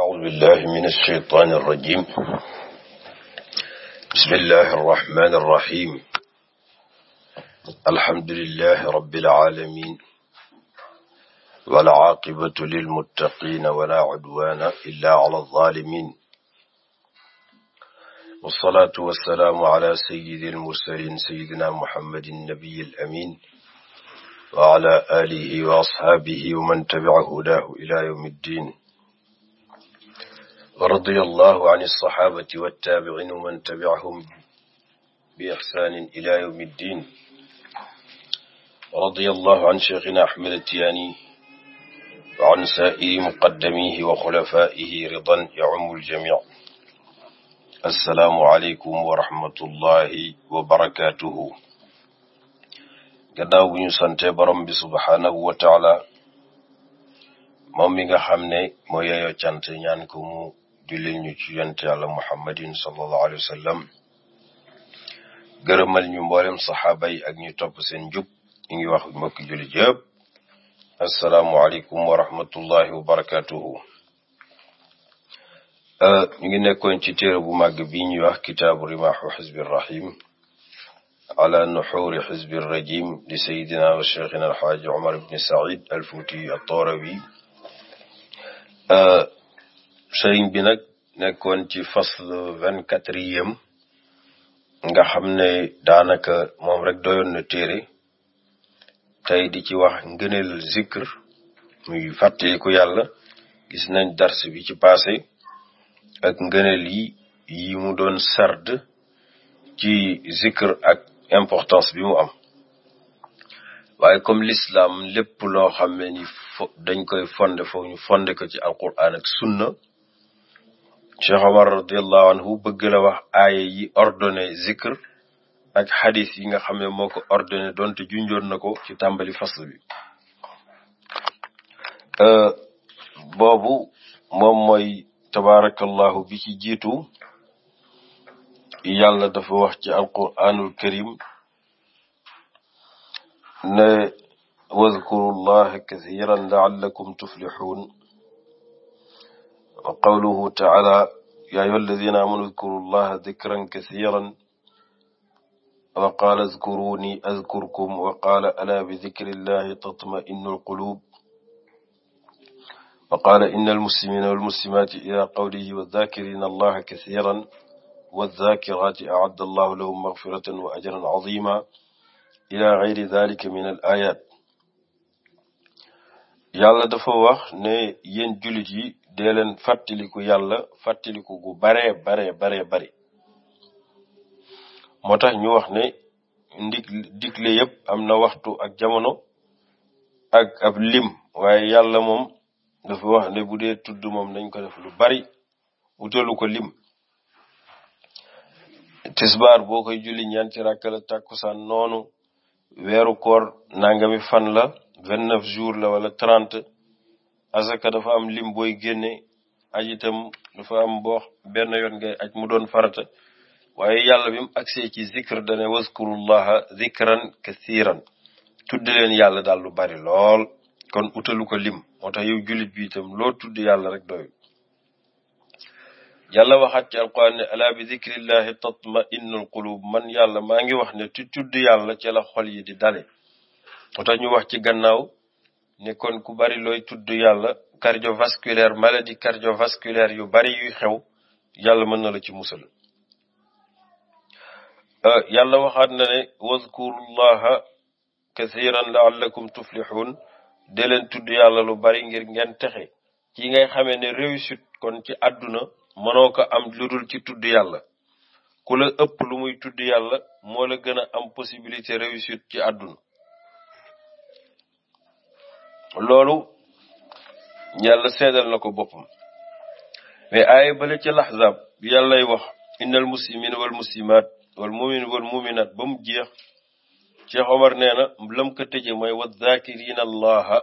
أعوذ بالله من الشيطان الرجيم بسم الله الرحمن الرحيم الحمد لله رب العالمين والعاقبة للمتقين ولا عدوان إلا على الظالمين والصلاة والسلام على سيد المرسلين سيدنا محمد النبي الأمين وعلى آله وأصحابه ومن تبع هداه إلى يوم الدين wa radiyallahu an alsahabati wattaabicin wa man tabicahum bi ixsaanin ila yawmi ddin wa radiyallahu an cheikhina ahmed atiyaani wa an saairi muqaddamihi wa xulafaihi ridan yacumu aljamic assalaamu aleykum wa rahmatullahi wa barakatuhu gannaaw bu ñu sante borom bi subhaanahu wa taala moom mi nga xam ne moo yeyoo cant ñaan ko mu julli ñu ci yonent yàlla muhammadin sallallahu alayhi wa sallam gërëmal ñu mboolem saxaaba yi ak ñu topp seen njub ñu ngi wax mbokki julli yëpp asalaamualeykum wa rahmatullahi wa barakatuhu euh, ñu ngi nekkoon ci téere bu màgg bi ñuy wax kitaabu rimaaxu xizbi rahim ala nuxuuri xizbi rajim li sayidina wa cheikhina alxaaji omar ibni said alfuuti altorawi euh, sëriñ bi nag nekkoon ci fasl vingt-quatrième nga xam ne daanaka moom rek doyoon na téere tey di ci wax ngëneel zikr muy fàtteeku yàlla gis nañ dars bi ci passé ak ngëneel yi yi mu doon sard ci zikr ak importance bi mu am waaye comme l'islam lépp loo xam ne ni fo dañ koy fonde foofu ñu fonde ko ci alquran ak sunna Cheikh Omar radiallahu anhu bëgg la wax aaya yi ordonné zikr ak xadis yi nga xam ne moo ko ordonné donte junjoon na ko ci tàmbali fasl bi euh, boobu moom mooy tabaarakallahu bi ci jiitu yàlla dafa wax ci alquranul karim ne wazkuru llaha kathiran laallakum tuflixuun wa qawluhu taala yaa ayyuha alladina amanu udkuru llaha dikran kasiran wa qaala adkuruni adkurkum wa qaala ala bi dikri llahi tatma'innu alqulub wa qaala inna almuslimina walmuslimaati ila qawlihi wadakirina allaha kasiran wadakirati acadda allahu lahum magfiratan wa ajran cazima ila gayri dalika min al ayat yàlla dafa wax ne yéen jullit yi dee leen fàttaliku yàlla fàttaliku gu baree baree baree bari moo tax ñu wax ne ndig digle yëpp am na waxtu ak jamono ak ab lim waaye yàlla moom dafa wax ne bu dee tudd moom nañ ko def lu bari wutelu ko lim tisbaar boo koy julli ñeenti ràkka la tàkkusaan noonu weeru koor nangami fan la vingt neuf jours la wala trente asaka dafa am lim booy génne aj dafa am boo benn yoon ngay aj mu doon farata waaye yàlla bi mu agsee ci zikr dane waskurullaha zikran kathiran tudde leen yàlla daal lu bari lool kon utalu ko lim moo tax yow jullit bi itam loo tudd yàlla rek doyul yàlla waxaat ci alquran ne ala bi zikrillahi qulub man yàlla maa ngi wax ne ci tudd yàlla ci xol yi di dale moo ñu wax ci gannaaw ne kon ku bari looy tudd yàlla cardiovasculaire maladie cardiovasculaire yu bari yuy xew yàlla mën na la ci musal euh, yàlla waxaat na ne wazkurullaha kathiran laallakum tuflihun de leen tudd yàlla lu bari ngir ngeen texe yi ngay xamee ne réussite kon ci àdduna mënoo ko am lu dul ci tudd yàlla ku la ëpp lu muy tudd yàlla moo la gën a am possibilité réussite ci àdduna loolu yàlla seedal na ko boppam mais aaya bale ca laxzaab yàllay wax innal muslimina wal muslimaat wal mumin wal muminaat ba mu jeex Cheikh Omar nee na lam ko tëje mooy wa zakirina allaha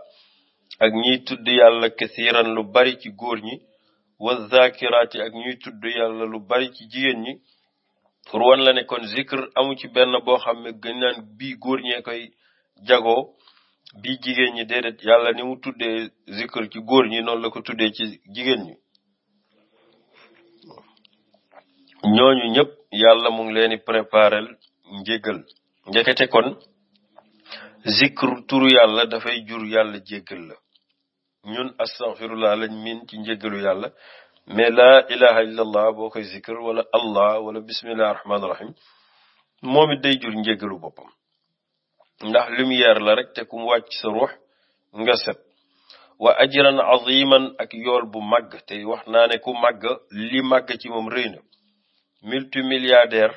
ak ñiy tudd yàlla kasiran lu bari ci góor ñi wa zakiraati ak ñuy tudd yàlla lu bari ci jigéen ñi pour wan la ne kon zikr amu ci benn boo xam ne gën naan bii góor ñee koy jagoo bi jigéen ñi déedéet yàlla ni mu tuddee zikr ci góor ñi noonu la ko tuddee ci jigéen ñi ñooñu ñëpp yàlla mu ngi leen di préparel njéggal njëkkete kon zikr turu yàlla dafay jur yàlla jéggal la ñun astaghfirullah lañ min ci njéggalu yàlla mais laa ilaha illallah boo koy zikr wala allah wala bismillah rahmaani rahim moom it day jur njéggalu boppam ndax lumière la rek te ku mu wàcc sa ruux nga set wa ajran aziman ak yool bu màgg te wax naa ne ku màgg li màgg ci moom rëy na multimilliardaire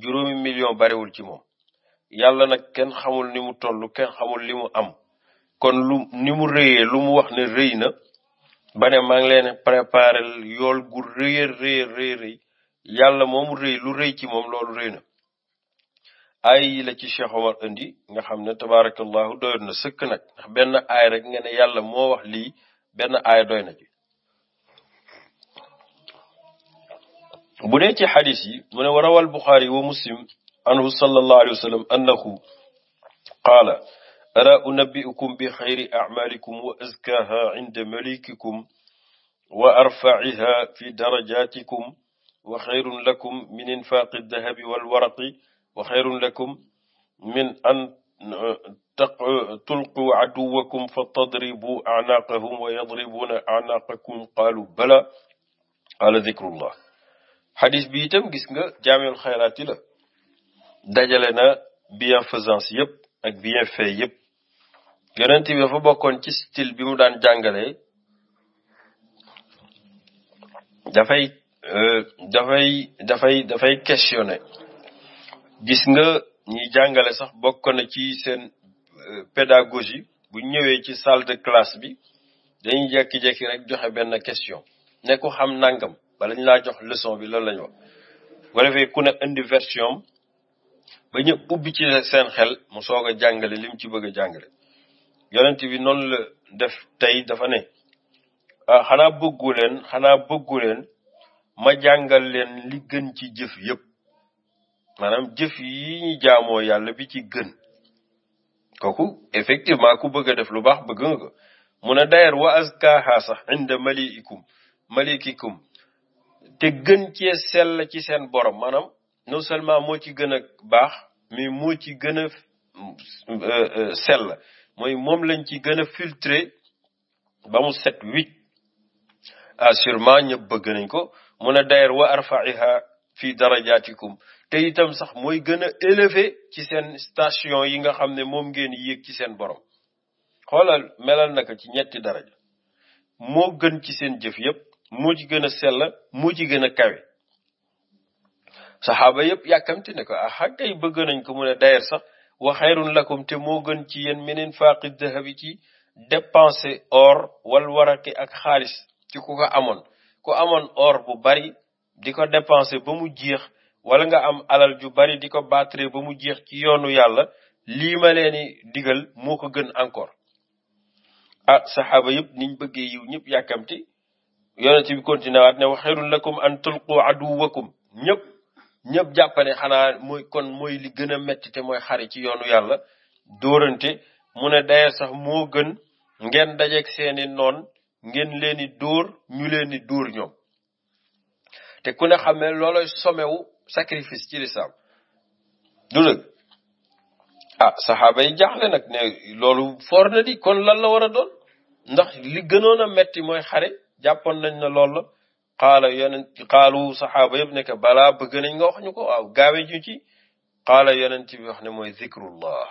juróomi million barewul ci moom yàlla nag kenn xamul ni mu toll kenn xamul li mu am kon lu ni mu rëyee lu mu wax ne rëy na ba ne maa ngi leen préparel yool gu rëya rëya rëy rëy yàlla moomu rëy lu rëy ci moom loolu rëy na aay yi la ci Cheikh Omar indi nga xam ne tabaarakallahu doyoon na sëkk nag ndax benn aay rek nga ne yàlla moo wax lii benn aay doy na ci bu dee ci xadis yi mu ne wa rawal Buxaari wa muslim anhu sallallahu alayhi wa sallam annahu qaala alaa unabbi'ukum bi xayri a'maalikum wa azkaaha inda malikikum wa arfa'iha fi darajatikum wa xayrun lakum min infaaqi dahabi wal waraqi wa xayrun lakum min an uh, uh, tulqu aduwakum fa tadribu anaqahum wa yadribuuna anaqakum qaalu bala qaala dikrullah xadis bi itam gis nga jaameel xayraat yi la dajale na bienfaisance yëpp ak bienfait yëpp yonent bi dafa bokkoon ci style bi mu daan jàngale dafay uh, dafay dafay dafay questionné gis nga ñi jàngale sax bokk na ci seen euh, pédagogie bu ñëwee ci salle de classe bi dañuy jekki-jekki rek joxe benn question ne xam nangam bala ñu laa jox leçon bi loolu la ñu wax bu ko defee ku ne indi version ba ñëpp ubbi ci seen xel mu soog a jàngale li ci bëgg a jàngale yonent bi noonu la def tey dafa ne ah xanaa bëggu xanaa bëggu leen ma jàngal leen li gën ci jëf yëpp maanaam jëf yi ñu jaamoo yàlla bi ci gën kooku effectivement ku bëgg def lu baax bëgg nga ko mun a dayer wa azkaha sax inda maliikum malikikum te gën cee sell ci seen borom maanaam non seulement moo ci gën a baax mais mu ci gën a euh, euh, sell mooy moom lañ ci gën a filtré ba mu set wicc assurément ah, ñëpp bëgg nañ ko mun a dayer wa arfaiha fi darajatikum te itam sax mooy gën a élevé ci seen station yi nga xam ne moom ngeen yéeg ci seen borom xoolal melal naka ci ñetti daraja moo gën ci seen jëf yëpp moo ci gën a sell moo ci gën a kawe saxaaba yëpp yàkkamti ne ko ah kay bëgg nañ ko mu ne sax waxeeru xayrun lakum te moo gën ci yéen meneen faaqi dahabi ci dépenser or wal waraki ak xaalis ci ku ko amoon ku amoon or bu bari di ko dépenser ba mu jeex wala nga am alal ju bari di ko battre ba mu jeex ci yoonu yàlla lii ma leeni digal moo ko gën encore ah saxaaba yëpp niñ bëggee yiw ñëpp yàkkamti yonent bi continué waat ne la ko lakum an tulqu aduwakum ñëpp ñëpp jàppane xanaa mooy kon mooy li gën a metti te mooy xare ci yoonu yàlla dóorante mu ne daye sax moo gën ngeen dajeeg seeni noon ngeen leen di dóor ñu leen di dóor ñoom te ku ne xam ne looloy sacrifice ci lislaam du dëgg ah saxaaba yi jaaxle nag ne loolu foor na di kon lan la war a doon ndax li gënoon a metti mooy xare jàppoon nañ ne loolu la xaala yonent xaalu saxaaba yëpp ne que balaa bëgg nañ nga wax ñu ko waaw gaawe ñu ci xaala yonent bi wax ne mooy zikrullah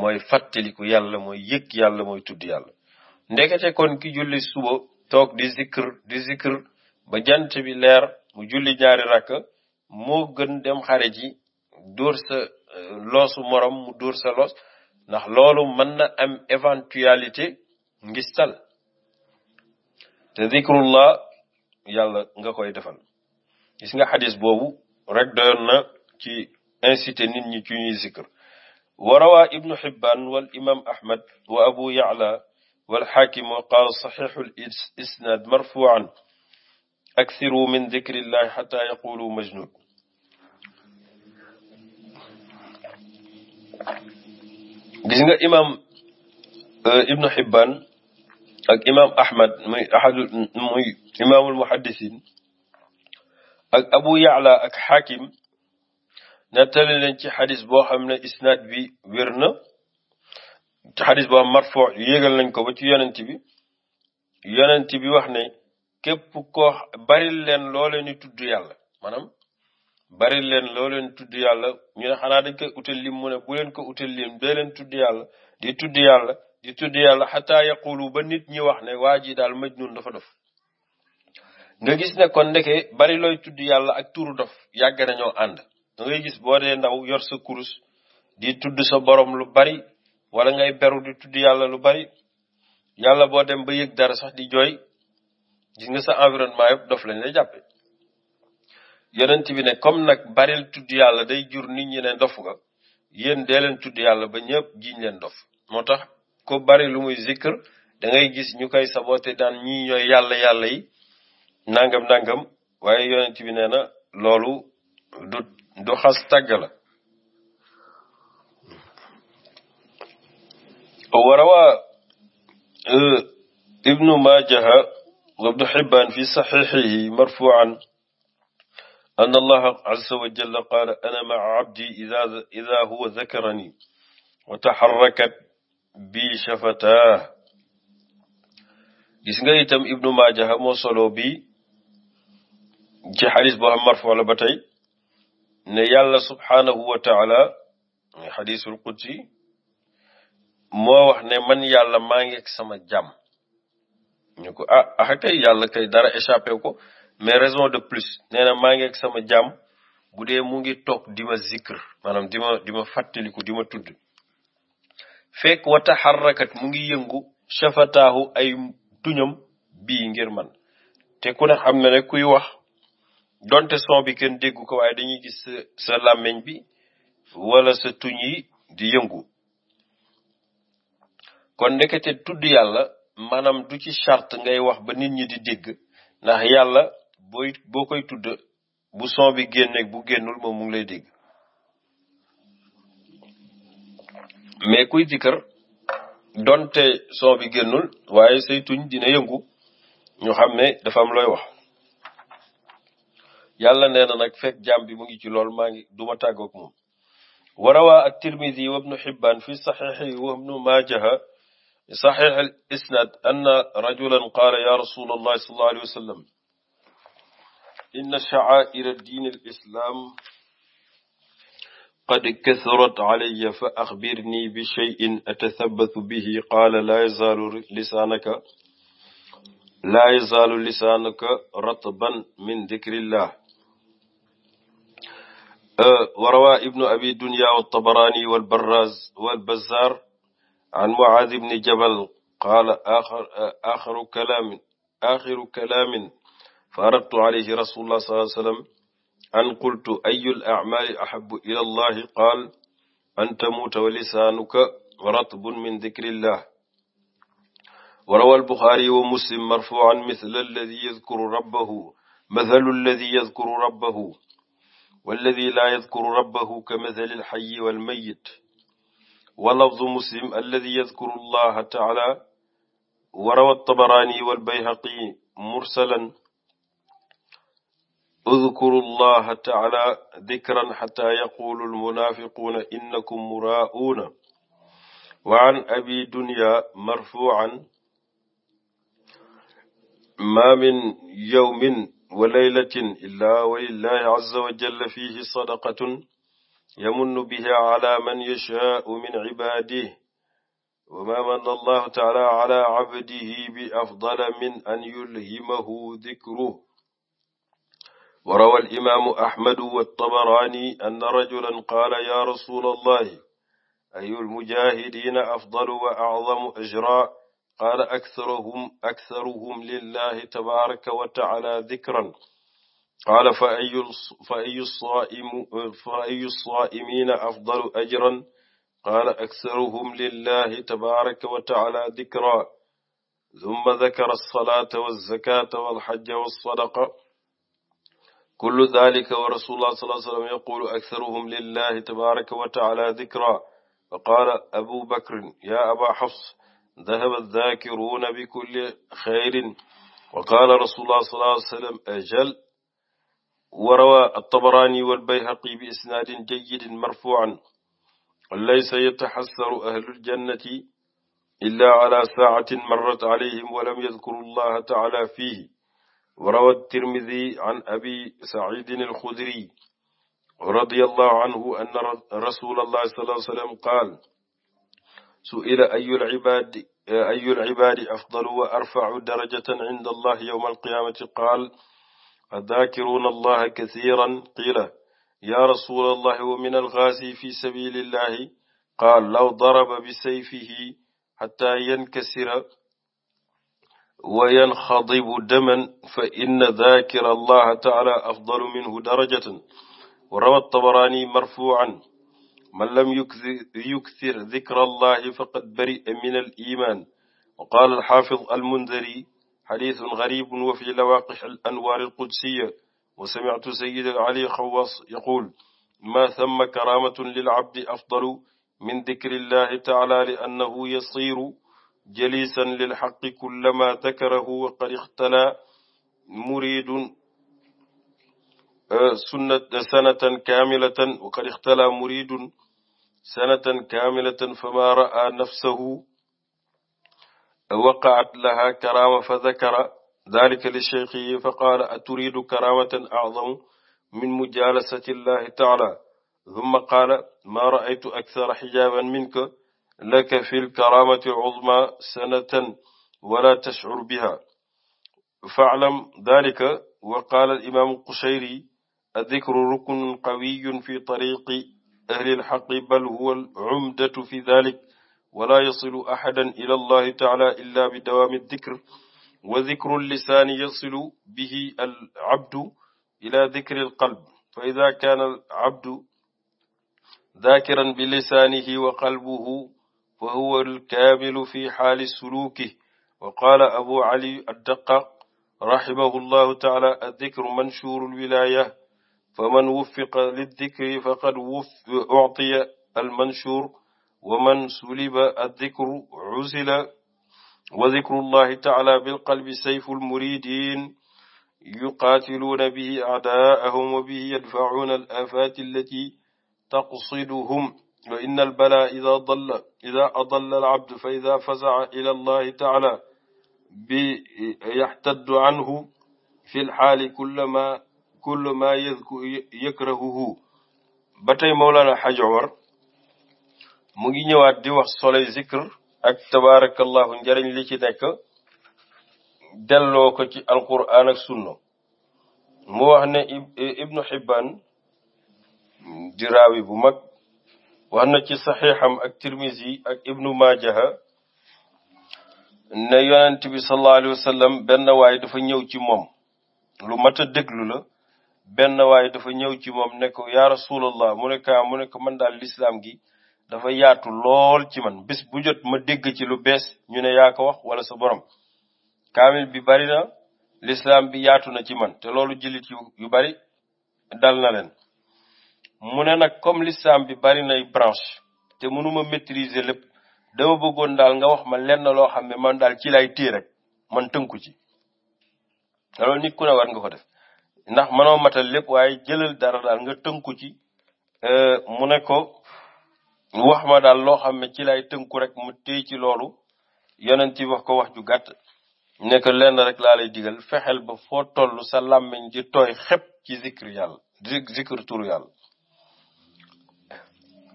mooy fàttaliku yàlla mooy yëg yàlla mooy tudd yàlla ndekete kon ki julli suba toog di zikr di zikr ba jant bi leer mu julli ñaari rakk moo gën dem xare ji dóor sa euh, loosu morom mu dóor sa loos ndax loolu mën na am éventualité ngistal te zikrullah yàlla nga koy defal gis nga xadis boobu rek doyoon na ci incité nit ñi ci ñuy zikr wa rawa ibnu xibban wal imam ahmad wa abu ya'la wal xaakim wa qaala saxiixul isnaad marfuan aksiru min dikrillahi xata yaqulu majnun gis nga imam euh, ibnu Xibban ak imam Ahmad muy ahadu muy imaamul muhaddisin ak Abu Yaala ak Xakim nettali leen ci xadis boo xam ne isnaad bi wér na ci xadis boo xam marfoo yéegal nañ ko ba ci yonent bi yonent bi wax ne képp ko baril leen loo leen di tudd yàlla maanaam baril leen leen tudd yàlla ñu ne xanaa dañ koy utal lim mu ne bu leen ko utal lim dee leen tudd yàlla di tudd yàlla di tudd yàlla xataa ba nit ñi wax ne waa ji daal majnun dafa dof nga gis ne kon ndeke bari looy tudd yàlla ak turu dof yàgg nañoo ànd da gis boo dee ndaw yor sa kurus di tudd sa boroom lu bari wala ngay beru di tudd yàlla lu bari yàlla boo dem ba yëg dara sax di jooy gis nga sa environnement yëpp dof lañ lay jàppe yonent bi ne comme nag baril tudd yàlla day jur nit ñi ne dof nga yéen dee leen tudd yàlla ba ñëpp jiñ leen dof moo tax ko bari lu muy zikr dangay gis ñu koy saboté daan ñi ñooy yàlla yàlla yi nangam nangam waaye yonent bi nee na loolu du xas tàgg la warawa euh, ibnu majaha وابن حبان في صحيحه مرفوعا أن الله عز وجل قال أنا مع عبدي إذا إذا هو ذكرني وتحركت بي شفتاه gis nga itam ibnu maaja moo solo bi ci xadis boo xam marfo la ba tey ne yàlla subhaanahu wa taala xadisul qudsi moo wax ne man yàlla maa ngi ak sama jàmm ñu ko ah ah kay yàlla kay dara échappé ko mais raison de plus nee maa ngi ak sama jàmm bu dee mu ngi toog di ma zikr maanaam di fàttaliku di ma tudd fekk wa taxarrakat mu ngi yëngu chafataahu ay tuñam bi ngir man te ku ne xam na ne kuy wax donte son bi kenn déggu ko waaye dañuy gis sa sa bi wala sa tuñ yi di yëngu kon ndekete tudd yàlla maanaam du ci charte ngay wax ba nit ñi di dégg ndax yàlla booy boo koy tudd bu son bi génneeg bu génnul moom mu ngi lay dégg mais kuy dikkër donte son bi génnul waaye say tuñ dina yëngu ñu xam ne dafa am looy wax yàlla nee na nag fekk jaam bi mu ngi ci lool maa ngi duma tàggoog moom warawaa ak tirmidi wa ibnu xibbaan fi saxiixi wa ibnu maajaha لصحيح الإسناد أن رجلا قال يا رسول الله صلى الله عليه وسلم إن شعائر الدين الإسلام قد كثرت علي فأخبرني بشيء أتثبت به قال لا يزال لسانك لا يزال لسانك رطبا من ذكر الله وروى ابن أبي دنيا والطبراني والبراز والبزار an Muaaz ibn Jabal qaala aaxiru kalaamin aaxiru kalaamin faaradtu alayhi rasuulullah sallallahu alayhi wa sallam an qultu ayyul a'maali ahabbu ila llahi qaal an tamuuta wa lisaanuka ratbun min dikrillah wa rawaa al-Buxaari wa Muslim marfuu'an misla allazii yadkuru rabbahu mathalu allazii yadkuru rabbahu wallazii laa yadkuru rabbahu kamathali al-hayyi wal-mayyit wa lafdu muslim alladi yadkuru allaha taala wa rawa tabarani walbayhaqi mursalan udkuru allaha taala dikran xata yaqulu almunafiquna innakum muraa'uuna wa an abi dunya marfuucan ma min yawmin wa laylatin illa wa lillahi azza wa jalla fihi sadaqatun yamunnu bihi ala man yashaau min cibaadihi wa ma manna allahu taala ala cabdihi bi afdala min an yulhimahu dikruhu wa rawa alimaamu ahmadu waltabaraani anna rajulan qaala ya rasul allahi ayu almujahidina afdalu wa acdamu ajra qaala aktaruhum aktaruhum lillahi tabaraka wa taala dikran qaala fa ayu fa ayu saimu fa ayu saimina afdalu ajran qaala aksaruhum lillahi tabaraka wa taala dikra summa dakara alsalata walzakata walxajja walsadaqa kullu dalika wa rasulullah sallallahu alayhi wa sallam yaqulu aksaruhum lillahi tabaraka wa taala dikra fa qaala abu bakrin ya aba xafs dahaba addakiruuna bikulli xayrin wa qaala rasulullah sallallahu alayhi wa sallam ajal وروى الطبراني والبيهقي بإسناد جيد مرفوعا ليس يتحسر أهل الجنة إلا على ساعة مرت عليهم ولم يذكروا الله تعالى فيه وروى الترمذي عن أبي سعيد الخدري رضي الله عنه أن رسول الله صلى الله عليه وسلم قال سئل أي العباد أي العباد أفضل وأرفع درجة عند الله يوم القيامة قال فذاكرون الله كثيرا قيل يا رسول الله ومن الغازي في سبيل الله قال لو ضرب بسيفه حتى ينكسر وينخضب دما فإن ذاكر الله تعالى أفضل منه درجة وروى الطبراني مرفوعا من لم يكثر ذكر الله فقد برئ من الإيمان وقال الحافظ المنذري xadiisun gariibun wa fi lawaaqihi al-anwaar al-qudsiyya wa samictu sayyidi Ali Xawwaas yaquul maa samma karaamatun lil-abdi afdalu min dikri llaahi tacaalaa li-annahu yasiiru jaliisan lil-xaqqi kullamaa dakarahu wa qad ixtalaa muriidun sanatan kaamilatan wa qad ixtalaa muriidun sanatan kaamilatan famaa ra'aa nafsahu waqaat laha karaama fa dakara dalika li cheikhihi fa qaala aturidu karamatan acdamu min mujalasati llahi taala thumma qaala maa raaytu akthara xijaaban minka laka fi lkaramati alcuzma sanatan wala tashcur biha faclam dalika wa qaala alimaamu qushayri addikru ruknun qawiyun fi tariqi ahli lxaqi bal huwa alcumdatu fi dalik wala yasilu ahadan ila allahi taala illa bi dawaami dikr wa dikru lisaani yasilu bihi al abdu ila dikri al qalb fa ida kaana al abdu daakiran bi lisaanihi wa qalbuhu fa huwa al kaamilu fi xaali suluuki wa qaala abu ali addaqaq rahimahu llahu taala addikru manshuru lwilaaya faman wuffiqa liddikri faqad uctiya almanshur wa man suliba addikru usila wa dikru llahi taala bilqalbi sayfu lmuridin yuqaatiluuna bihi aadaahum wa bihi yadfacuuna alaafaati allati taqsiduhum wa inna albala ida dalla ida adalla alabdu fa ida fasaca ila allahi taala bi yaxtaddu canhu fi lxaali kullama kullama yakrahuhu ba tey Mawlana Xaj Omar mu ngi ñëwaat di wax soloy zikr ak tabaarakallahu njariñ li ci nekk delloo ko ci alquran ak sunna mu wax ne ibnu xibban di raawi bu mag wax na ci saxiixam ak tirmisi ak ibnu maajaha ne yonent bi sallallahu alayhi wa benn waay dafa ñëw ci moom lu mat a déglu la benn waay dafa ñëw ci moom ne ko yaa rasulallah mu ne kaa ah, mu ne ko man lislaam gi dafa yaatu lool ci man bés bu jot ma dégg ci lu bees ñu ne yaa ko wax wala sa borom kaamil bi bari na lislaam bi yaatu na ci man te loolu jullit yu bari dal na leen mu ne nag comme lislaam bi bari nay branche te mënuma maîtriser lépp dama bëggoon daal nga wax ma lenn loo xam ne man daal ci lay téye rek man tënku ci te loolu nit ku ne war nga ko def ndax mënoo matal lépp waaye jëlal dara daal nga tënku ci euh, mu ne ko mu wax ma daal loo xam ne ci lay tënku rek mu téy ci loolu yonent bi wax ko wax ju gàtt nekk lenn rek laa lay digal fexeel ba foo toll sa làmmiñ di tooy xëpp ci zikr yàlla zikr turu yàlla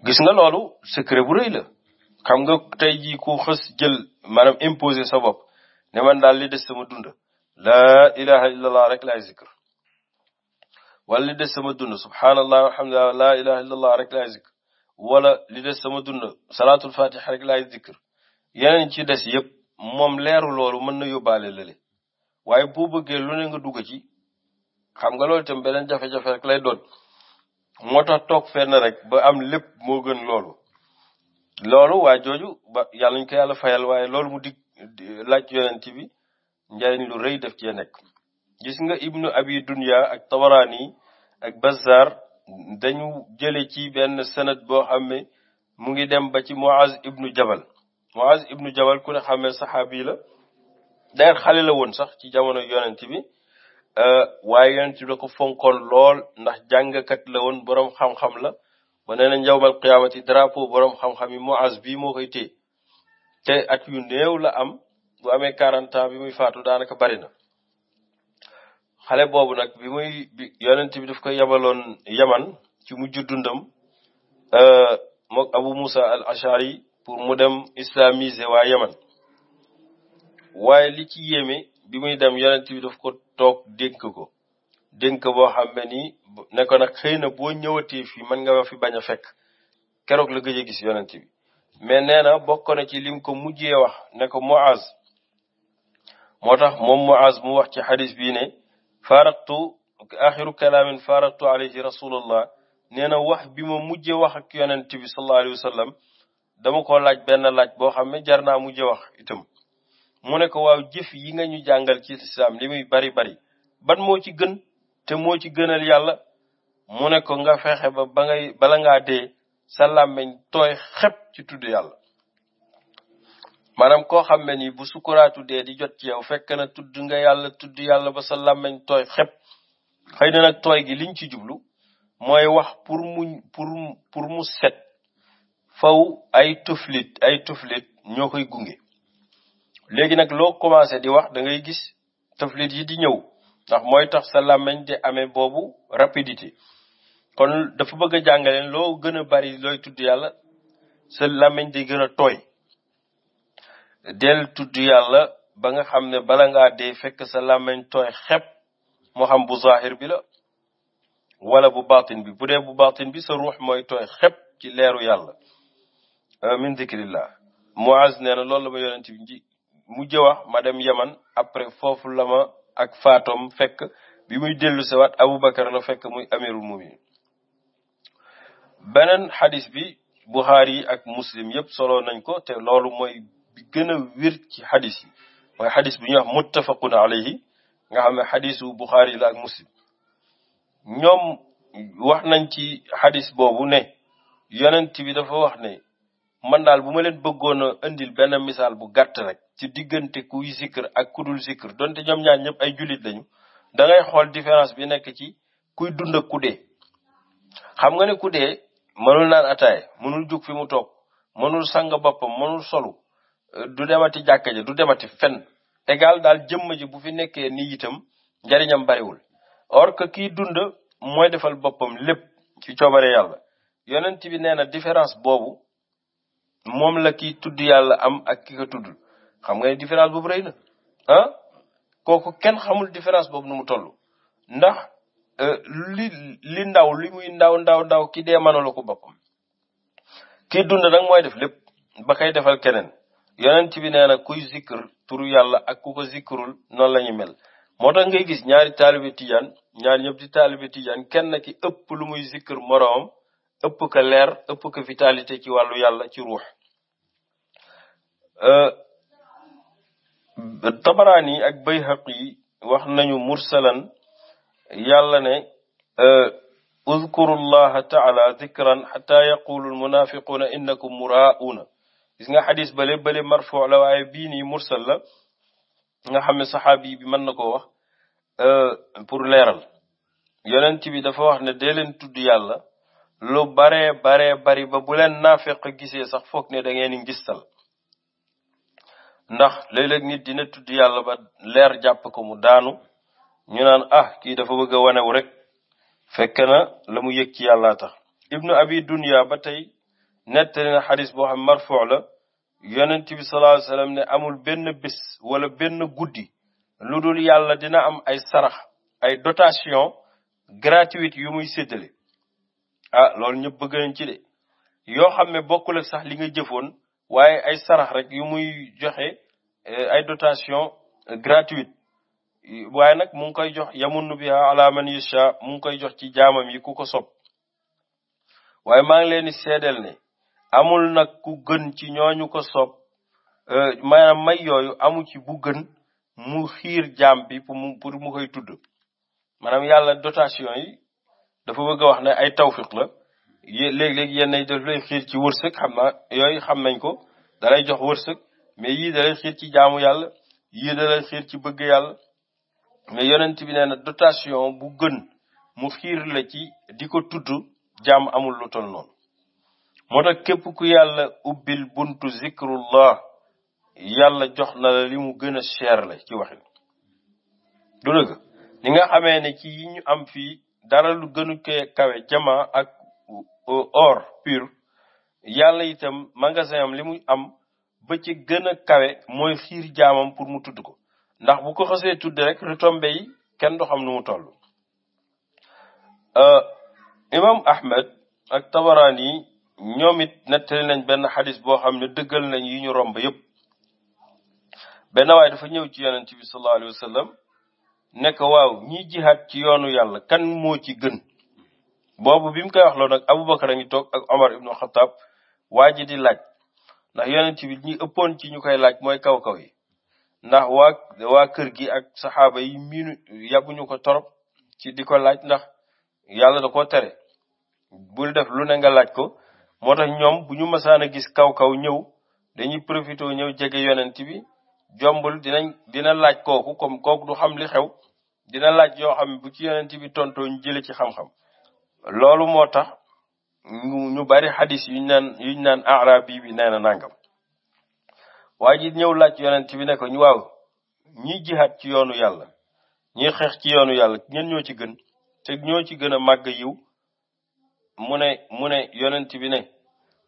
gis nga loolu secret bu rëy la xam nga tey jii ku xës jël maanaam imposé sa bopp ne man daal li des sama dund laa ilaha illallah rek laay zikr wala li des sama dund subhanallah walhamdulillah laa ilaha rek laay zikr wala li des sama dund salaatul fatiha rek laay zikr yeneen ci des yëpp moom leeru loolu mën na yóbbaale lële waaye boo bëggee lu ne nga dugg ci xam nga loolu itam beneen jafe-jafe rek lay doon moo tax toog fenn rek ba am lépp moo gën loolu loolu waa jooju ba yàlla ñu ko yàlla fayal waaye loolu mu dig laaj yonent bi njariñ lu rëy def cee nekk gis nga ibnu abi dunya ak tabaraani ak bazar dañu jële ci benn sanad boo xam ne mu ngi dem ba ci Muaz ibnu Jabal Muaz ibnu Jabal ku ne xamee saxaabi la d'ailleurs xale la woon sax ci jamono yonent bi euh, waaye yonent bi da ko fonkoon lool ndax jàngkat la woon borom xam-xam la ba nee na njawmal qiyaamati drapeau boroom xam-xam yi Muaz bi moo koy téye te at yu néew la am bu amee quarante ans bi muy faatu daanaka bari na xale boobu nag bi muy yonent bi daf ko yabaloon yaman ci mujj dundam euh, mook abu musa al ashari pour mu dem islamiser waa yaman waaye li ci yéeme bi muy dem yonent bi daf ko toog dénk ko dénk boo xam ne nii ne ko nag xëy na boo ñëwatee fii mën nga fi bañ a fekk keroog la gëj a gis yonent bi mais nee na bokk na ci lim ko mujjee wax ne ko Muaz moo tax moom Muaz mu wax ci xadis bii ne faraqtu axiru kalaamin faraqtu alayhi rasulullah nee na wax bi ma mujje wax ak yonent bi sallallahu alayhi wa dama ko laaj benn laaj boo xam ne jar naa mujje wax itam mu ne ko waaw jëf yi nga ñu jàngal ci lislaam li muy bari bari ban moo ci gën te moo ci gënal yàlla mu ne ko nga feexe ba ba ngay bala ngaa dee sa làmmiñ tooy xepp ci tudd yàlla maanaam koo xam ne ni bu sukuraatu dee di jot ci yow fekk na tudd nga yàlla tudd yàlla ba sa làmmeñ tooy xepp xëy na nag tooy gi liñ ci jublu mooy wax pour mu pour pour mu set faw ay tuflit ay tuflit ñoo koy gunge léegi nag loo commencé di wax dangay gis tuflit yi di ñëw ndax mooy tax sa làmmeñ di amee boobu rapidité kon dafa bëgg a jàngaleen loo gën a bari looy tudd yàlla sa làmmiñ di gën a tooy del tudd yàlla ba nga xam ne bala ngaa dee fekk sa làmmiñ tooy xepp moo xam bu zahir bi la wala bu baatin bi bu dee bu baatin bi sa ruux mooy tooy xepp ci leeru yàlla euh, min dikrillah Muaz nee na loolu la ma yonent bi ji mujjë wax ma dem Yaman après foofu la ma ak faatoom fekk bi muy dellu sewaat Aboubacar la fekk muy amirul muminin beneen xadis bi Buxaari yi ak muslim yëpp solo nañ ko te loolu mooy bi gën a ci xadis yi mooy xadis bi ñuy wax muttafaqun alayhi nga xam ne xadisu buxaari la ak muslim ñoom wax nañ ci xadis boobu ne yonent bi dafa wax ne man daal bu ma leen bëggoon a indil benn misaal bu gàtt rek ci diggante kuy zikr ak kudul zikr donte ñoom ñaar ñëpp ay julit lañu da xool différence bi nekk ci kuy dund ak ku xam nga ne ku dee mënul naan ataaya mënul jug fi mu toog mënul sang boppam mënul solu du demati jàkka ja du demati fen égale daal jëmm ji bu fi nekkee nii itam njariñam bariwul or que kii dund mooy defal boppam lépp ci coobare yàlla yonent bi nee na différence boobu moom la kii tudd yàlla am ak ki ko tuddul xam nga ne différence boobu rëy na ah kooku kenn xamul différence boobu nu mu toll ndax euh, li li ndaw li muy ndaw ndaw ndaw ki de mënala ko boppam kii dund nag mooy def lépp ba koy defal keneen yonent bi nee na kuy zikr turu yàlla ak ku ko zikrul noonu la ñu mel moo tax ngay gis ñaari taalibe tijaan ñaari ñëpp di taalibe tijaan kenn ki ëpp lu muy zikr moroom ëpp ko leer ëpp ko vitalité ci wàllu yàlla ci ruux euh, tabaraan yi ak bayhaq yi wax nañu mursalan yàlla ne euh, uzkuru llaha taala zikran xata yaqulu almunafiquna innakum muraa'uuna gis nga xadis bale bale marfoo la waaye bii nii mursal la nga xam ne saxaabi bi mën na koo wax euh, pour leeral yonent bi dafa wax ne dee leen tudd yàlla lu bare bare bari ba bu leen naafeq gisee sax foog ne da ngeen ngistal ndax léeg-léeg nit dina tudd yàlla ba leer jàpp ko mu daanu ñu naan ah kii dafa bëgg a wanewu rek fekk na la mu yëg ci yàllaa tax ibnu abi dunya ba tey nettali xadis boo xam marfoo la yonent bi sallallahu alayhi ne amul benn bés wala benn guddi lu dul yàlla dina am ay sarax ay dotation gratuite yu muy séddale a ah, loolu ñëpp bëgg nañ ci de yoo xam ne bokkul sax li nga jëfoon waaye ay sarax rek yu muy joxe eh, ay dotation gratuite waaye nag mu ngi koy jox yamu biha ala man yasha mu ngi koy jox ci jaamam yi ku ko sob waaye maa ngi leen di ne amul nag ku gën ci ñooñu ko sopp euh, maanaam may yooyu amu ci bu gën mu xiir jaam bi pour mu pour mu koy tudd maanaam yàlla dotation yi dafa bëgg wax ne ay tawfiq la léeg-léeg yenn daf lay xiir ci wërsëg xam naa yooyu xam nañ ko dalay jox wërsëg mais yii dalay xiir ci jaamu yàlla yii dalay xiir ci bëgg yàlla mais yonent bi nee na dotation bu gën mu xiir la ci di ko tudd jaam amul lu toll noonu moo tax képp ku yàlla ubbil buntu zikrullah yàlla jox na la li mu gën a cher la ci waxin du dëgg ni nga xamee ne ci yi ñu am fii dara lu gënu kee kawe jama ak euh, or pur yàlla itam magasin am li mu am ba ci gën a kawe mooy xiir jaamam pour mu tudd ko ndax bu ko xasee tudd rek retombé yi kenn du xam nu toll euh, imam ahmed ak tabaraan ñoom it nettali nañ benn xadis boo xam ne dëggal nañ yi ñu romb yëpp benn waaye dafa ñëw ci yonent bi sallallahu alayhi wa sallam waaw ñiy jihaat ci yoonu yàlla kan moo ci gën boobu bi mu koy wax loolu nag Aboubacar a ngi toog ak Omar ibnu Xataab waa ji di laaj ndax yonent bi ñi ëppoon ci ñu koy laaj mooy kaw-kaw yi ndax waa kër gi ak saxaaba yi miinu yàgguñu ko torop ci di ko laaj ndax yàlla da ko tere bul def lu ne nga laaj ko moo tax ñoom bu ñu masaan a gis kaw-kaw ñëw dañuy profité ñëw jege yonent bi jombul dinañ dina laaj kooku kom kooku du xam li xew dina laaj yoo xam bu ci yonent bi tontoo ñu jële ci xam-xam loolu moo tax ñu bari xadis yuñ naan yuñ naan arabi bi nee na nangam waa ji ñëw laaj yonent bi ne ko ñu waaw ñiy jihaat ci yoonu yàlla ñiy xeex ci yoonu yàlla ñen ñoo ci gën te ñoo ci gën a màgg yiw mu ne mu ne yonent bi ne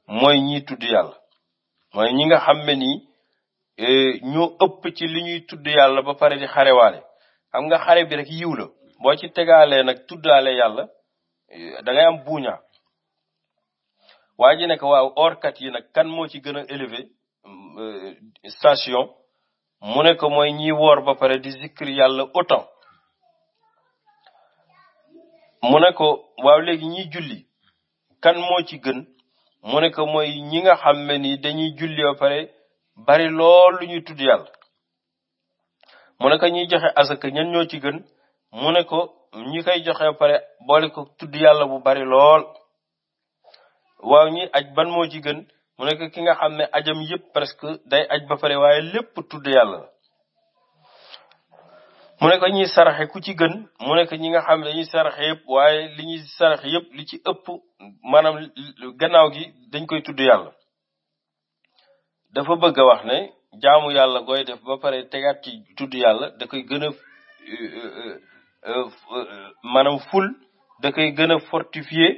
mooy ñiy tudd yàlla mooy ñi nga xam ne nii e, ñoo ëpp ci li ñuy tudd yàlla ba pare di xarewaale xam nga xare bi rek yiw la boo ci tegaalee nag tuddaale yàlla e, dangay am buuñaa waa ji nekk waaw orkat yi nag kan moo ci gën a élevé mm, e, station mu ne mooy ñiy woor ba pare di zikri yàlla autant mu ne ko waaw léegi ñiy julli kan moo ci gën mu ne ko mooy ñi nga xam ne ni dañuy julli ba pare bari lool lu ñuy tudd yàlla mu ne ñuy joxe asaka ñan ñoo ci gën mu ne ko ñi kay joxe ba pare boole ko tudd yàlla bu bari lool waaw ñi aj ban moo ci gën mu nekk ki nga xam ne ajam yëpp que day aj ba pare waaye lépp tudd yàlla la mu nekk ñi ñuy saraxe ku ci gën mu nekk ñi nga xam ne dañuy saraxe yëpp waaye li ñuy saraxe yëpp li ci ëpp maanaam gannaaw gi dañ koy tudd yàlla dafa bëgg a wax ne jaamu yàlla koy def ba pare tegaat ci tudd yàlla da koy gën a euh, euh, euh, maanaam ful da koy gën a fortifier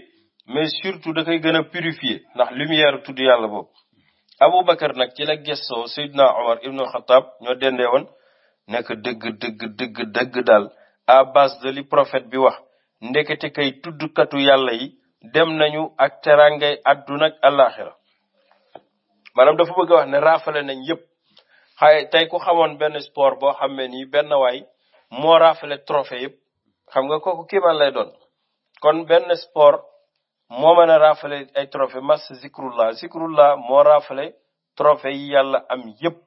mais surtout da koy gën a purifier ndax lumière tudd yàlla boobu Aboubacar nag ci la gestoo Seydina Omar ibnu Xataab ñoo dendee woon nekk dëgg dëgg dëgg daal à base de li prophète bi wax ndekete kay tuddkatu yàlla yi dem nañu ak terangay àdduna ak àllaaxira maanaam dafa bëgg wax ne raafale nañ yëpp xaye tey ku xamoon benn sport boo xam ne nii benn waay moo rafale trophée yëpp xam nga kooku kiimaan lay doon kon benn sport moo mën a raafale ay trophée mas zikrullah zikrullah moo raafale trophée yi yàlla am yëpp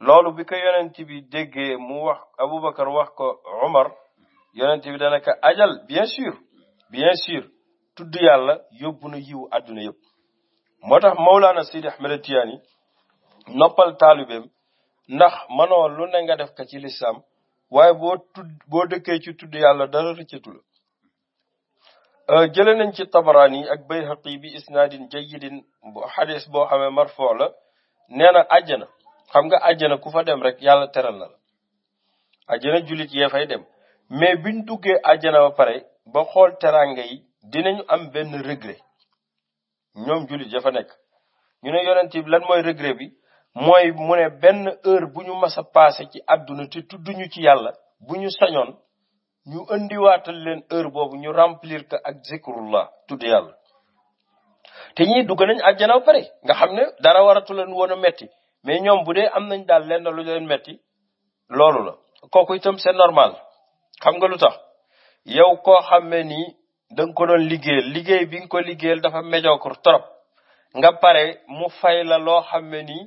loolu bi ko yonent bi déggee mu wax Aboubacar wax ko Omar yonent bi dana ajal bien sûr bien sûr tudd yàlla yóbbu na yiwu àdduna yëpp moo tax Mawlaana Sidi Ahmed Tiyaani noppal taalibeem ndax manoo lu ne nga def ko ci lislaam waaye boo tudd boo dëkkee ci tudd yàlla dara rëccatu la euh, jële nañ ci tabaraani ak bayhaqi bi isnaadin jayyidin bu xadis boo xamee marfoo la nee na xam nga àjjana ku fa dem rek yàlla teral na la àjjana jullit yee fay dem mais biñ duggee àjjana ba pare ba xool teraanga yi dinañu am benn regret ñoom jullit ya fa nekk ñu ne yonent bi lan mooy regret bi mooy mu ne benn heure bu ñu mas a passé ci àdduna te tudduñu ci yàlla bu ñu sañoon ñu indiwaatal leen heure boobu ñu remplir ko ak zikrullah tudd yàlla te ñi dugg nañ àjjana ba pare nga xam ne dara waratu leen woon a metti mais ñoom bu dee am nañ daal lenn lu leen metti loolu la kooku itam seen normal xam nga lu tax yow koo xam ne nii da ko doon liggéeyal liggéey bi nga ko liggéeyal dafa médiocre trop nga pare mu fay la loo xam ne nii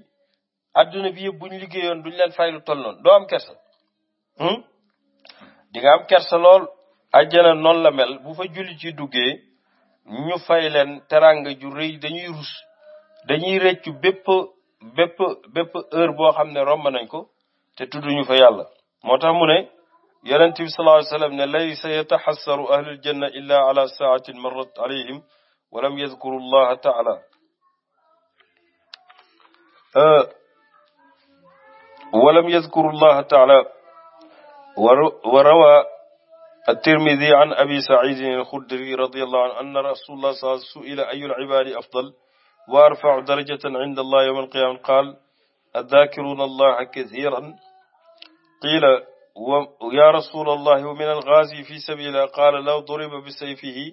adduna bi yëpp bu ñu liggéeyoon duñ leen fay lu toll noonu doo am kersa hmm? di nga am kersa lool àjjana noonu la mel bu fa julli ci duggee ñu fay leen teranga ju rëy dañuy rus dañuy rëccu bépp bépp bépp heure boo xam ne romb nañ ko te tudduñu fa yàlla moo tax mu ne yonent bi sallallahu alayhi wa sallam ne laysa yataxassaru ahlul janna illa ala saatin marrat alayhim wa lam yadkuru llaha taala wa lam yadkuru llaha taala wa rawa الترمذي عن أبي سعيد الخدري رضي الله عنه أن رسول الله صلى الله عليه وسلم سئل أي العباد أفضل wa arfau darajatan inda allah yowma alqiyama qaal addakiruuna allaha kathiran qiila ya rasul allahi wa min algaazi fi sabilillah qaala law duriba bisayfihi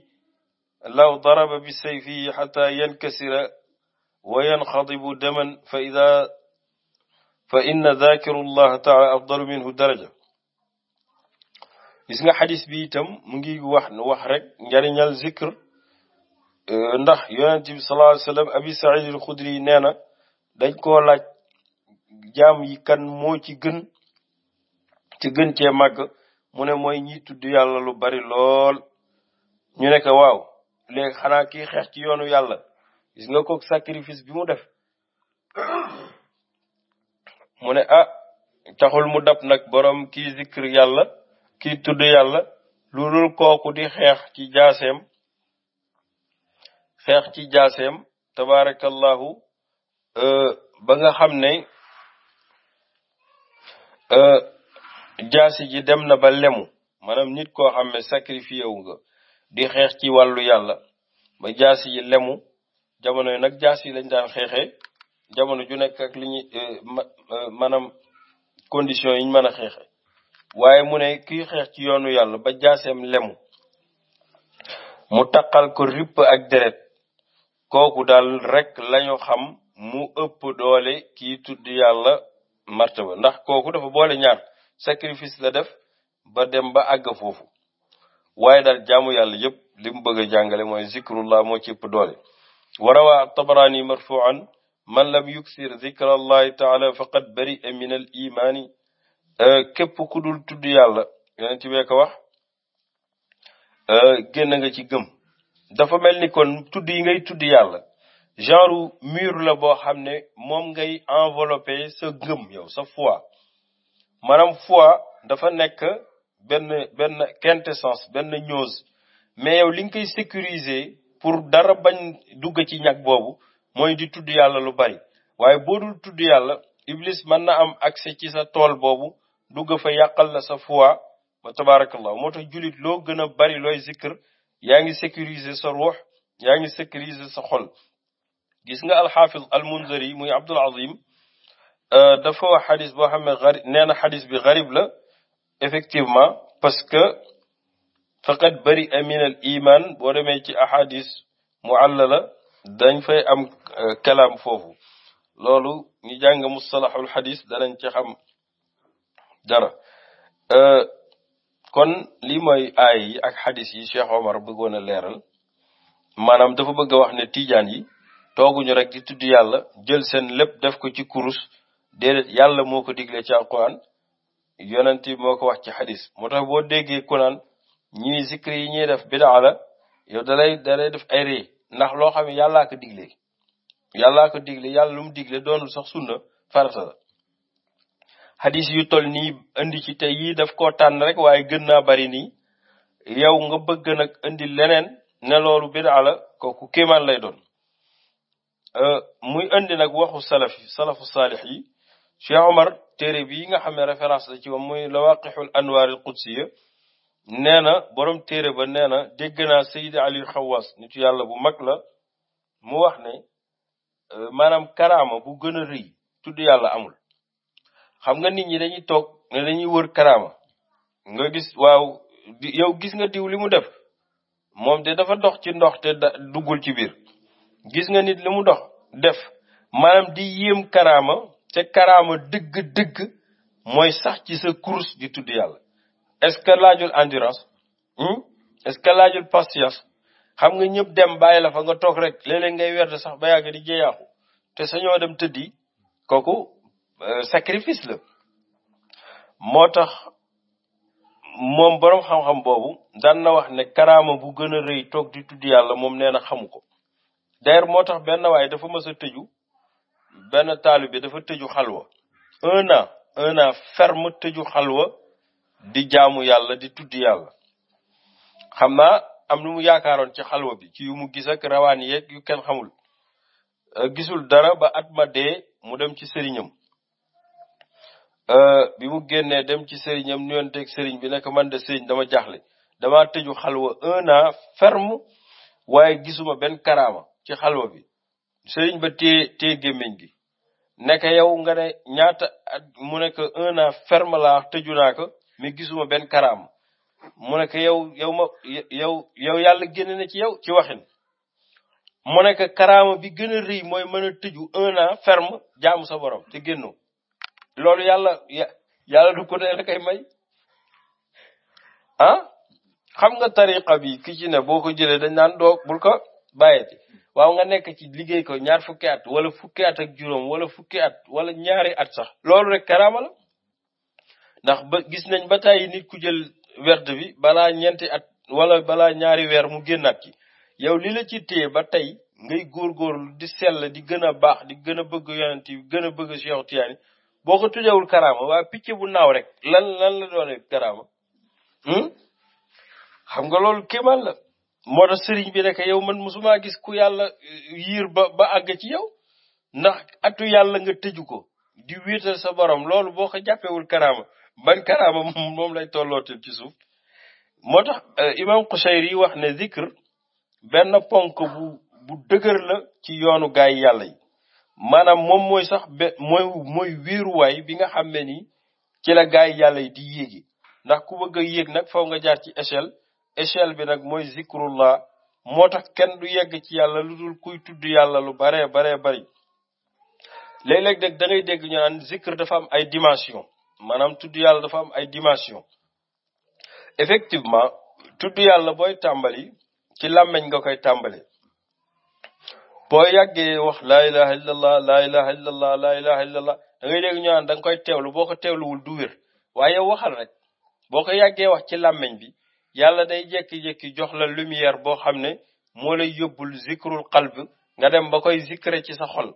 law daraba bisayfihi xata yankasira wa yanxadibu daman fa ida fa inna dakiru llaha taala afdalu minhu daraja gis nga xadis bi itam mu ngi wax wax rek njariñal zikr ndax yonent bi sallallahu alayhi wa sallam abi said xudri yi nee na dañ koo laaj jaam yi kan moo ci gën ci gën cee màgg mu ne mooy ñiy tudd yàlla lu bari lool ñu ne waaw léegi xanaa kii xeex ci yoonu yàlla gis nga ko sacrifice bi mu def mu ne ah taxul mu dab nag boroom kii zikr yàlla kii tudd yàlla lu dul kooku di xeex ci jaaseem xeex ci jaaseem tabaarakallahu euh, ba nga xam ne euh, jaasi ji dem na ba lemu maanaam nit koo xam ne sacrifié wu nga di xeex ci wàllu yàlla ba jaasi ji lemu jamono yi nag jaasi yi lañ daan xeexe jamono ju nekk ak li ñuy euh, condition yi ñu mën a xeexe waaye mu ne kiy xeex ci yoonu yàlla ba jaaseem lemu mu taqal ko ripp ak deret kooku daal rek lañu xam mu ëpp doole kii tudd yàlla martaba ndax kooku dafa boole ñaar sacrifice la def ba dem ba àgg foofu waaye daal jaamu yàlla yëpp li mu bëgg jàngale mooy zikrullah moo ci ëpp doole wa rawa tabarani marfuan man lam yuksir zikra allahi taala faqad baria min al imaani euh, képp ku dul tudd yàlla yonent bi ko wax euh, génn nga ci gëm dafa mel ni kon tudd yi ngay tudd yàlla genre mur la boo xam ne moom ngay enveloppé sa gëm yow sa foi maanaam foi dafa nekk benn benn quintessence benn ñoose mais yow li nga koy sécuriser pour dara bañ dugg ci ñag boobu mooy di tudd yàlla lu bari waaye boo dul tudd yàlla iblis mën na am accès ci sa tool boobu dugg fa yàqal la sa foi ba tabarakallah moo tax jullit loo gën a bari looy zikr yaa ngi sécuriser sa ruux yaa ngi sécuriser sa xol gis nga alxaafiz almunzari muy abdul azim euh, dafa wax xadis boo xam ne xari nee na xadis bi xarib la effectivement parce que faqad baria min al iman boo demee ci ahadis muallala dañ fay am euh, kalaam foofu loolu ñu jàng mustalaxul xadis danañ ci xam dara euh, kon lii mooy aay yi ak xadis yi Cheikh Omar bëggoon a leeral maanaam dafa bëgg a wax ne tiijaan yi tooguñu rek di tudd yàlla jël seen lépp def ko ci kurus déedéet yàlla moo ko digle ci alquran yonent bi moo ko wax ci xadis moo tax boo déggee ku naan ñii zikri yi ñuy def bidaa la yow dalay dalay def ay ndax loo xam ne yàllaa ko digle yàllaa ko digle yàlla lu mu digle sax sunna farata xadis yu toll nii indi ci tey yii daf koo tànn rek waaye gën naa bari ni yow nga bëgg nag indi leneen ne loolu bidaa la kooku kéemaan lay doon euh, muy indi nag waxu salaf yi salafu saalix yi Cheikh Omar téere bii nga xam ne référence la ci moom muy lawaqixul anwaar al qudsiya nee na borom téere ba nee na dégg naa Seydi Ali Xawaas nitu yàlla bu mag la mu wax ne euh, maanaam karama bu gën a rëy tudd yàlla amul xam nga nit ñi dañuy toog ne dañuy wër karaama nga gis waaw yow gis nga diw li mu def moom de dafa dox ci ndox te da duggul ci biir gis nga nit li mu dox def maanaam di yéem karaama te karaama dëgg-dëgg mooy sax ci sa course di tudd yàlla est-ce que laajul endurance hmm? est-ce que laajul xam nga ñëpp dem bàyyi la fa nga toog rek léeg ngay werd sax ba yàgg di jeeyaaxu te sañoo dem tëddi kooku Euh, sacrifice la moo tax moom boroom xam-xam boobu daan na wax ne karaama bu gën a rëy toog di tudd yàlla moom nee na xamu ko d'ailleurs moo tax benn waay dafa mës a tëju benn taalib bi dafa tëju xalwa un an un an ferme tëju xalwa di jaamu yàlla di tudd yàlla xam naa am nu mu yaakaaroon ci xalwa bi ci yu mu gis ak rawaan yeeg yu kenn xamul euh, gisul dara ba at ma dee mu dem ci sëriñam Euh, bi mu génnee dem ci sëriñam nuyonteeg sëriñ bi nekk man de sëriñ dama jaaxle dama tëju xalwa un an ferme waaye gisuma benn karaama ci xalwa bi sëriñ ba téye téye gémmiñ gi nekk yow nga ne ñaata at mu nekk un an ferme laa tëju naa ko mais gisuma benn karaama mu nekk yow yow ma yàlla génne na ci yow ci waxin mu nekk karaama bi gën a rëy mooy mën a tëju un ferme jaamu sa borom te génno loolu yàlla yàlla du ko ne la koy may ah xam nga tariqa bi ki ci ne boo ko jëlee dañ naan doo bul ko bàyyeti waaw nga nekk ci liggéey ko ñaar fukki at wala fukki at ak juróom wala fukki at wala ñaari at sax loolu rek karaama la ndax ba gis nañ ba tàyyi ni ku jël werd bi balaa ñeenti at wala balaa ñaari weer mu génnaat ci yow li la ci téye ba tey ngay góor di sell di gën a baax di gën a bëgg yonent yi gën a bëgg Cheikh Tidiane boo ko tuddewul karaama waa picc bu naaw rek lan lan la doone karaama hmm? xam nga loolu kéemaan la moo tax sëriñ bi rek yow man mosuma gis ku yàlla eh, yiir ba ba àgg ci yow ndax atu yàlla nga tëju ko di wéetal sa borom loolu boo ko jàppewul karaama ban karaama moom lay tollootel ci suuf moo tax eh, imam Qushayri yi wax ne zikr benn ponk bu bu dëgër la ci yoonu gaay yàlla yi maanaam moom mooy sax be mooy mooy wéeruwaay bi nga xam ne ni ci la gaay yàlla yi di yéegi ndax ku bëgg a yéeg nag faw nga jaar ci échelle échelle bi nag mooy zikrullah moo tax kenn du yegg ci yàlla lu dul kuy tudd yàlla lu baree baree bari léeg-léeg nag da dégg ñu naan zikr dafa am ay dimension maanaam tudd yàlla dafa am ay dimension effectivement tudd yàlla booy tàmbali ci làmmeñ nga koy tàmbali boo yàggee wax laa ilaha illallah laa ilaha illallah laa ilaha illallah da ngay dégg ñu naan da koy teewlu boo ko teewluwul du wér waaye waxal rek boo ko yàggee wax ci làmmiñ bi yàlla day jékki-jékki jox la lumière boo xam ne moo lay yóbbul zikrul qalb nga dem ba koy zikre ci sa xol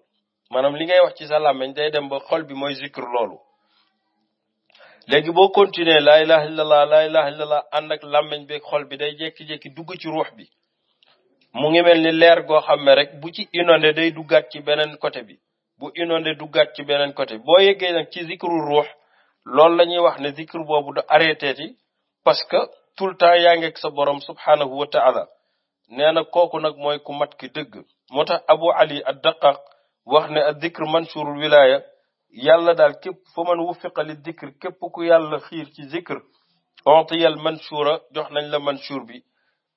maanaam li ngay wax ci sa làmmiñ day dem ba xol bi mooy zikr loolu léegi boo continuer laa ilaha illallah laa ilaha illallah ànd ak làmmiñ bi xol bi day jékki-jékki dugg ci ruux bi mu ngi mel ni leer goo xam ne rek bu ci inondé day duggaat ci beneen côté bi bu inondé duggaat ci beneen côté boo yeggee nag ci zikru ruux loolu la ñuy wax ne zikru boobu da arrêté ti parce que tout le temps yaa ngi sa borom subhanahu wa taala nee na kooku nag mooy ku mat ki dëgg moo tax abu ali ad daqaq wax ne a dikr mansurul wilaya yàlla daal képp fa man wufiqa li dikr képp ku yàlla xiir ci zikr ontiyal mansura jox nañ la mansur bi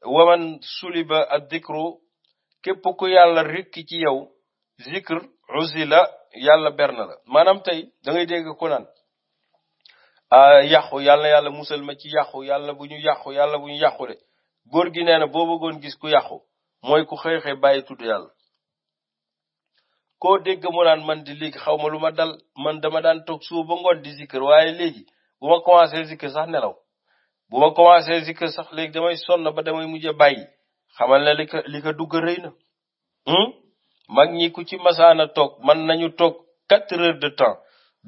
waman suliba ad dikru képp ku yàlla rikki ci yow zikr la yàlla berna la maanaam tey dangay dégg ku naan yàqu yàlla yàlla musal ma ci yàqu yàlla bu ñu yàqu yàlla bu ñu yàqu rek góor gi nee na boo bëggoon gis ku yàqu mooy ku xëy xëy bàyyi tudd yàlla koo dégg mu naan man di léegi xaw ma lu ma dal man dama daan toog suuf ba ngoon di zikr waaye léegi bu ma commencé zikr sax nelaw bu ma commencé zikr sax léegi damay sonn ba damay mujj a bàyyi xamal ne li ko li ko dugg rëy na hmm? mag ñi ku ci masaana toog mën nañu toog quatre heures de temps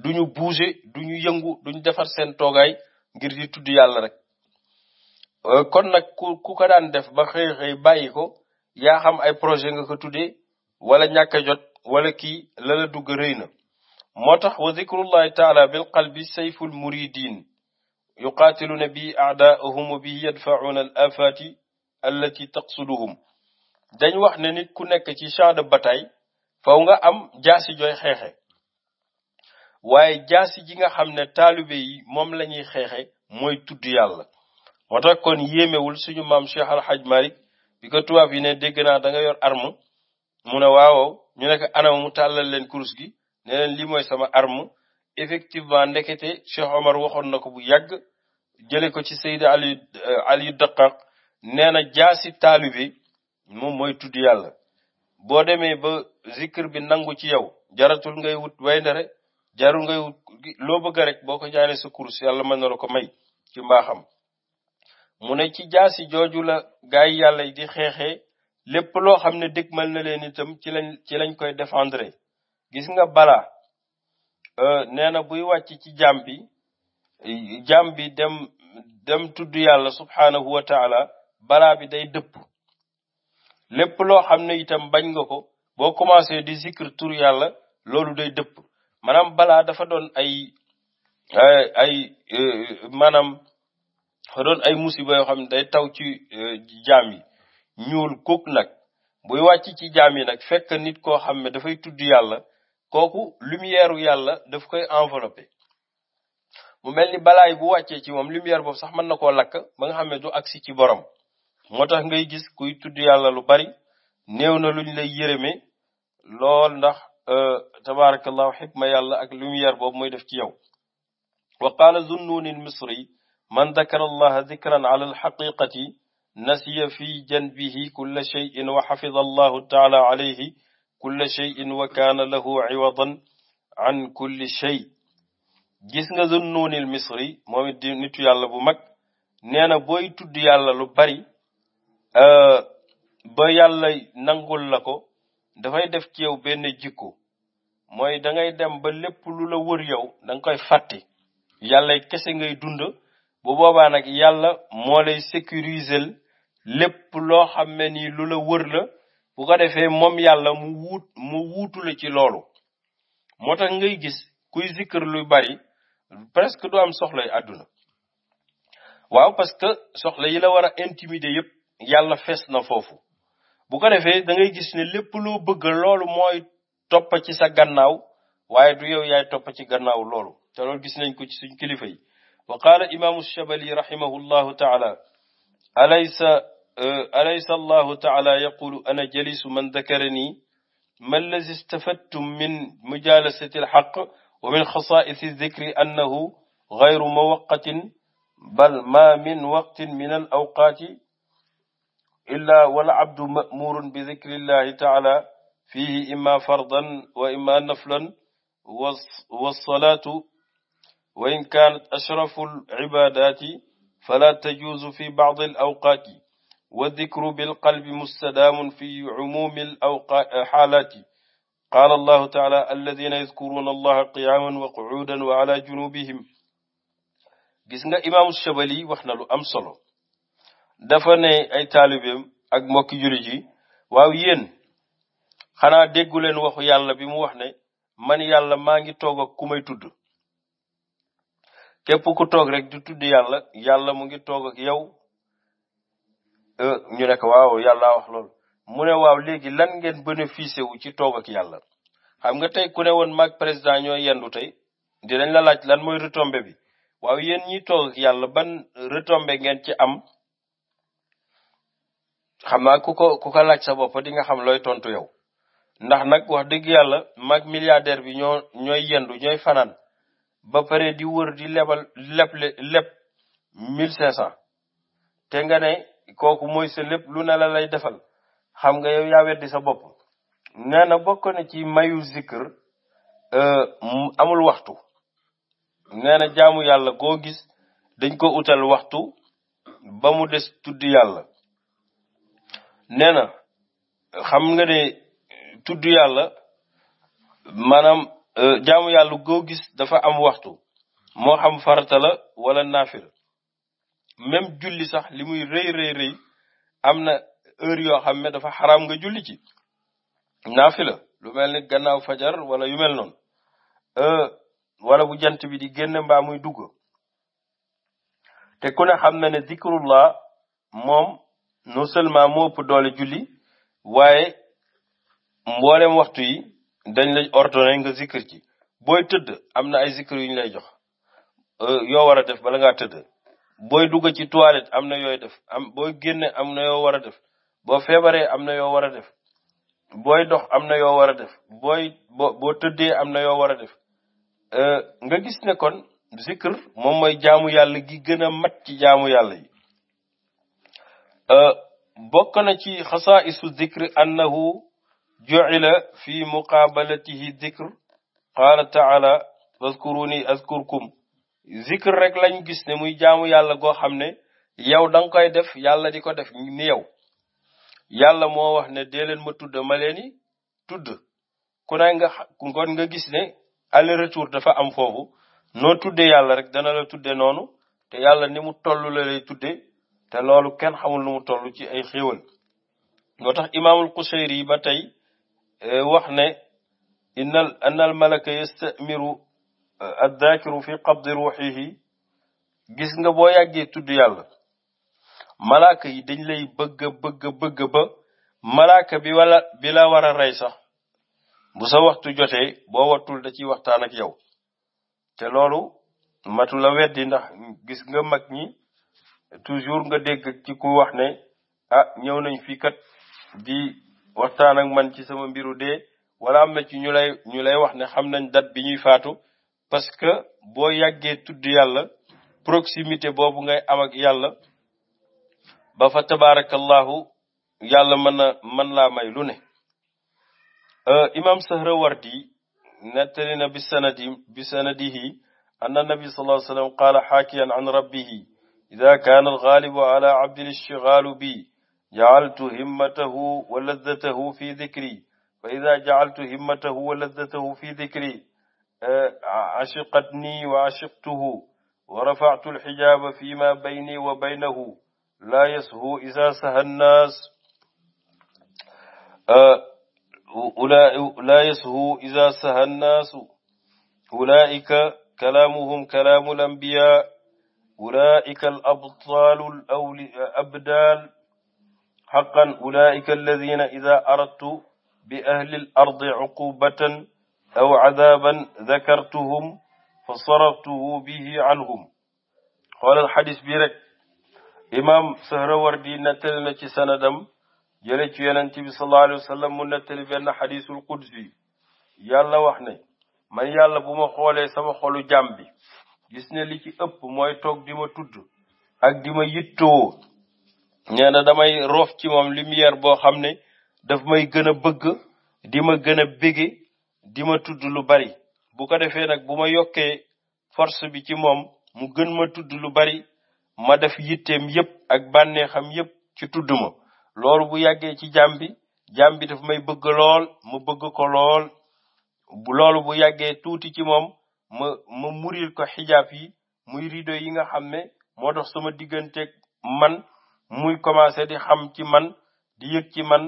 duñu bouger duñu yëngu duñu defar seen toogaay ngir di tudd yàlla rek euh, kon nag ku ku ko daan def ba xëy xëy bàyyi ko yaa xam ay projet nga ko tuddee wala ñàkk a jot wala kii la la dugg rëy na moo tax wa zikrullahi taala bil qalbi sayful muridin yuqaatiluuna bi aadaahum wa bi yadfauna al afati allati taqsuduhum dañ wax ne nit ku nekk ci champ de bataille faw nga am jaasi jooy xeexe waaye jaasi ji nga xam ne taalibe yi moom lañuy xeexe mooy tudd yàlla moo kon yéemewul suñu maam Cheikh xaj Hadj Malick bi ko tubaab yi ne dégg naa da yor armu mu ne waaw ñu ne ko mu tàllal leen kurus gi ne leen lii mooy sama armu effectivement ndekete Cheikh Omar waxoon na ko bu yàgg jële ko ci Seydi Ali euh, Ali Daqaq nee na jaasi taalibe moom mooy tudd yàlla boo demee ba zikr bi nangu ci yow jaratul ngay wut wayndare jarul ngay wut loo bëgg rek boo ko ñaanee sa kurus yàlla mën na ko may ci mbaaxam mu ne ci jaasi jooju la gaay yàlla di xeexee lépp loo xam ne dëgmal na leen itam ci lañ ci lañ koy défendre gis nga balaa Euh, nee na buy wàcc ci jaam bi jaam bi dem dem tudd yàlla subhaanahu wa taala balaa bi day dëpp lépp loo xam ne itam bañ nga ko boo commencé di zikr tur yàlla loolu day dëpp maanaam balaa dafa doon ay ay euh, maanaam dafa doon ay musiba yoo xam ne day taw ci euh, jaam yi ñuul kook nag buy wàcc ci jaam yi nag fekk nit koo xam ne dafay tudd yàlla kooku lumière u yàlla def koy enveloppé mu mel ni balaay bu wàccee ci moom lumière boobu sax mën na koo lakk ba nga xam ne du agsi ci borom moo tax ngay gis kuy tudd yàlla lu bari néew na luñ lay yërëme lool ndax euh, tabaarakallahu xikma yàlla ak lumière boobu mooy def ci yow wa qaala zunnuni misri man dakara allaha dikran ala alxaqiqati nasiya fi janbihi kulla cheyin wa xafida allahu taala alayhi kulla cheyin wa kaana lahu iwadan an kulli chey gis nga zun nuunil misri moom it di yàlla bu mag nee na booy tudd yàlla lu bari euh, ba yàlla nangul la ko dafay def ci yow benn jikko mooy dangay dem ba lépp lu la wër yow da koy fàtte yàlla kese ngay dund bu boobaa nag yàlla moo lay sécuriser lépp loo xam ne lu la wër la bu ko defee moom yàlla mu wuut mu wuutu ci loolu moo tax ngay gis kuy zikr lu bari presque du am soxla yu waaw parce que soxla yi la war a intimider yëpp yàlla fees na foofu bu ko defee da ngay gis ne lépp loo bëgg loolu mooy topp ci sa gannaaw waaye du yow yaay topp ci gannaaw loolu te loolu gis nañ ko ci suñ kilifa yi wa qaala imaamu shabali rahimahu llahu taala alaysa Euh, alaysa allahu taala yaqulu ana jalisu man dakarani ma allazi istafadtum min mujalasati alxaq wa min xasaisi dicri annahu gayru mawaqatin bal ma min waqtin min al awqaati illa wal abdu mamurun bi dicri illahi taala fihi imma fardan wa imma naflan wasalaatu wa in kaanat ashrafu alcibaadaati fala tajuuzu fi bacdi al awqaati wa dikru bilqalbi mustadaamun fi cumuumi alxaalaati qaala allahu taala alladina yadkuruuna allaha qiyaaman wa qucuudan wa ala junubihim gis nga imaamu Shabali wax na lu am solo dafa ne ay taalibeem ak mbokki jullit yi waaw yéen xanaa déggu leen waxu yàlla bi mu wax ne man yàlla maa ngi toog ak ku may tudd képp ku toog rek di tudd yàlla yàlla mu ngi toog ak yow ñu ne ko waaw yàlla wax loolu mu ne waaw léegi lan ngeen bénéficié wu ci toog ak yàlla xam nga tey ku ne woon mag président ñooy yendu tey dinañ la laaj lan mooy retombé bi waaw yéen ñi toog ak yàlla ban retombé ngeen ci am xam naa ku ko ku ko laaj sa boppa di nga xam looy tontu yow ndax nag wax dëgg yàlla maag milliardaire bi ñoo ñooy yendu ñooy fanaan ba pare di wër di lebal leble leb mille cinq cent te nga ne kooku mooy sa lépp lu ne la lay defal xam nga yow yaa weddi sa bopp nee na bokk na ci mayu zikr euh, amul waxtu nee jaamu yàlla koo gis dañ ko utal waxtu ba mu des tudd yàlla nee na xam nga ne tudd yàlla maanaam euh, jaamu yàlla koo gis dafa am waxtu moo xam farata la wala naafila même julli sax li muy rëy rëy rëy am na heure yoo xam ne dafa xaram nga julli ci naafila lu mel ni gannaaw fajar wala yu mel noonu euh, wala bu jant bi di génn mbaa muy dugg te ku xam na ne zikrullah moom non seulement moo ëpp doole julli waaye mboolem waxtu yi dañ lay ordonné nga zikr ci booy tëdd am na ay zikr yu lay jox euh, yoo war a def bala ngaa tëdd booy dugg ci toilette am na yooyu def am booy génne am na yoo war a def boo feebaree am na yoo war a def booy dox am nayo yoo war a def booy boo boo tëddee am na yoo war a def euh, nga gis ne kon zikr moom mooy jaamu yàlla gi gën a mat ci jaamu yàlla yi euh, bokk ci xasaa'isu zikr annahu ju'ila fi muqaabalatihi zikr qaala taala wazkuruni azkurkum zikr rek lañ gis ne muy jaamu yàlla goo xam ne yow da koy def yàlla di ko def ni yow yàlla moo wax ne dee ma tudd ma leen tudd ku ne nga kon nga gis ne aller dafa am foofu noo tuddee yàlla rek dana la tudde noonu te yàlla ni mu toll la lay tudde te loolu kenn xamul nu mu toll ci ay xéewal moo tax imaamul Qusayri yi ba tey eh, wax ne innal annal malaka yastamiru addaakiru fi qabdi ruuxihi gis nga boo yàggee tudd yàlla malaaka yi dañ lay bëgg bëgg bëgg ba malaaka bi wala bila la war a rey sax bu sa waxtu jotee boo wattul da ciy waxtaan ak yow te loolu matu la weddi ndax gis nga mag ñi toujours nga dégg ci ku wax ne ah ñëw nañ fii kat di waxtaan ak man ci sama mbiru dee wala am na ci ñu lay ñu lay wax ne xam nañ date bi ñuy faatu parce que boo yàggee tudd yàlla proximité boobu ngay am ak yàlla ba fa tabarakallahu yàlla mën a mën laa may lu ne euh, imam Sahrawardi nettali na bi sanadi bi sanadihi anna nabi sallallahu alayhi wa sallam qaala xaakiyan an rabbihi ida kaana alxaalibu ala abdin ishtigaalu bi jacaltu himmatahu wa laddatahu fi dikri fa ida jacaltu himmatahu wa laddatahu fi dikri ashiqatni wa ashiqtuhu wa rafa'tu alxijaaba fi ma bayni wa baynahu laa yashu isa saha nnaas laa yashu isa saha nnaasu ulaa'ika kalaamuhum kalaamu lambiyaa ulaa'ika alabtaalu alabdaal xaqan ulaa'ika alladina ida aradtu bi ahli al ardi cuqubatan aw adaban dakartuhum fa saraftuhu bihi anhum xoolal xadis bi rek imam Sahrawardi nettali na ci sanadam jële ci yonent bi sallallahu alayhi wa sallam mu nettali benn xadisul qudsi yàlla wax ne man yàlla bu ma xoolee sama xolu jàmm bi gis na li ci ëpp mooy toog di ma tudd ak di ma yittoo nee na damay roof ci moom lumière boo xam ne daf may gën a bëgg di ma gën a bége di ma tudd lu bari bu ko defee nag bu ma yokkee force bi ci moom mu gën ma tudd lu bari ma def yitteem yépp ak bànneexam yépp ci tudd ma loolu bu yàggee ci jaam bi jaam bi daf may bëgg lool ma bëgg ko lool loolu bu yàggee tuuti ci moom ma ma muril ko xijaab yi muy rido yi nga xam ne moo dox sama digganteeg man muy commencé di xam ci man di yëg ci man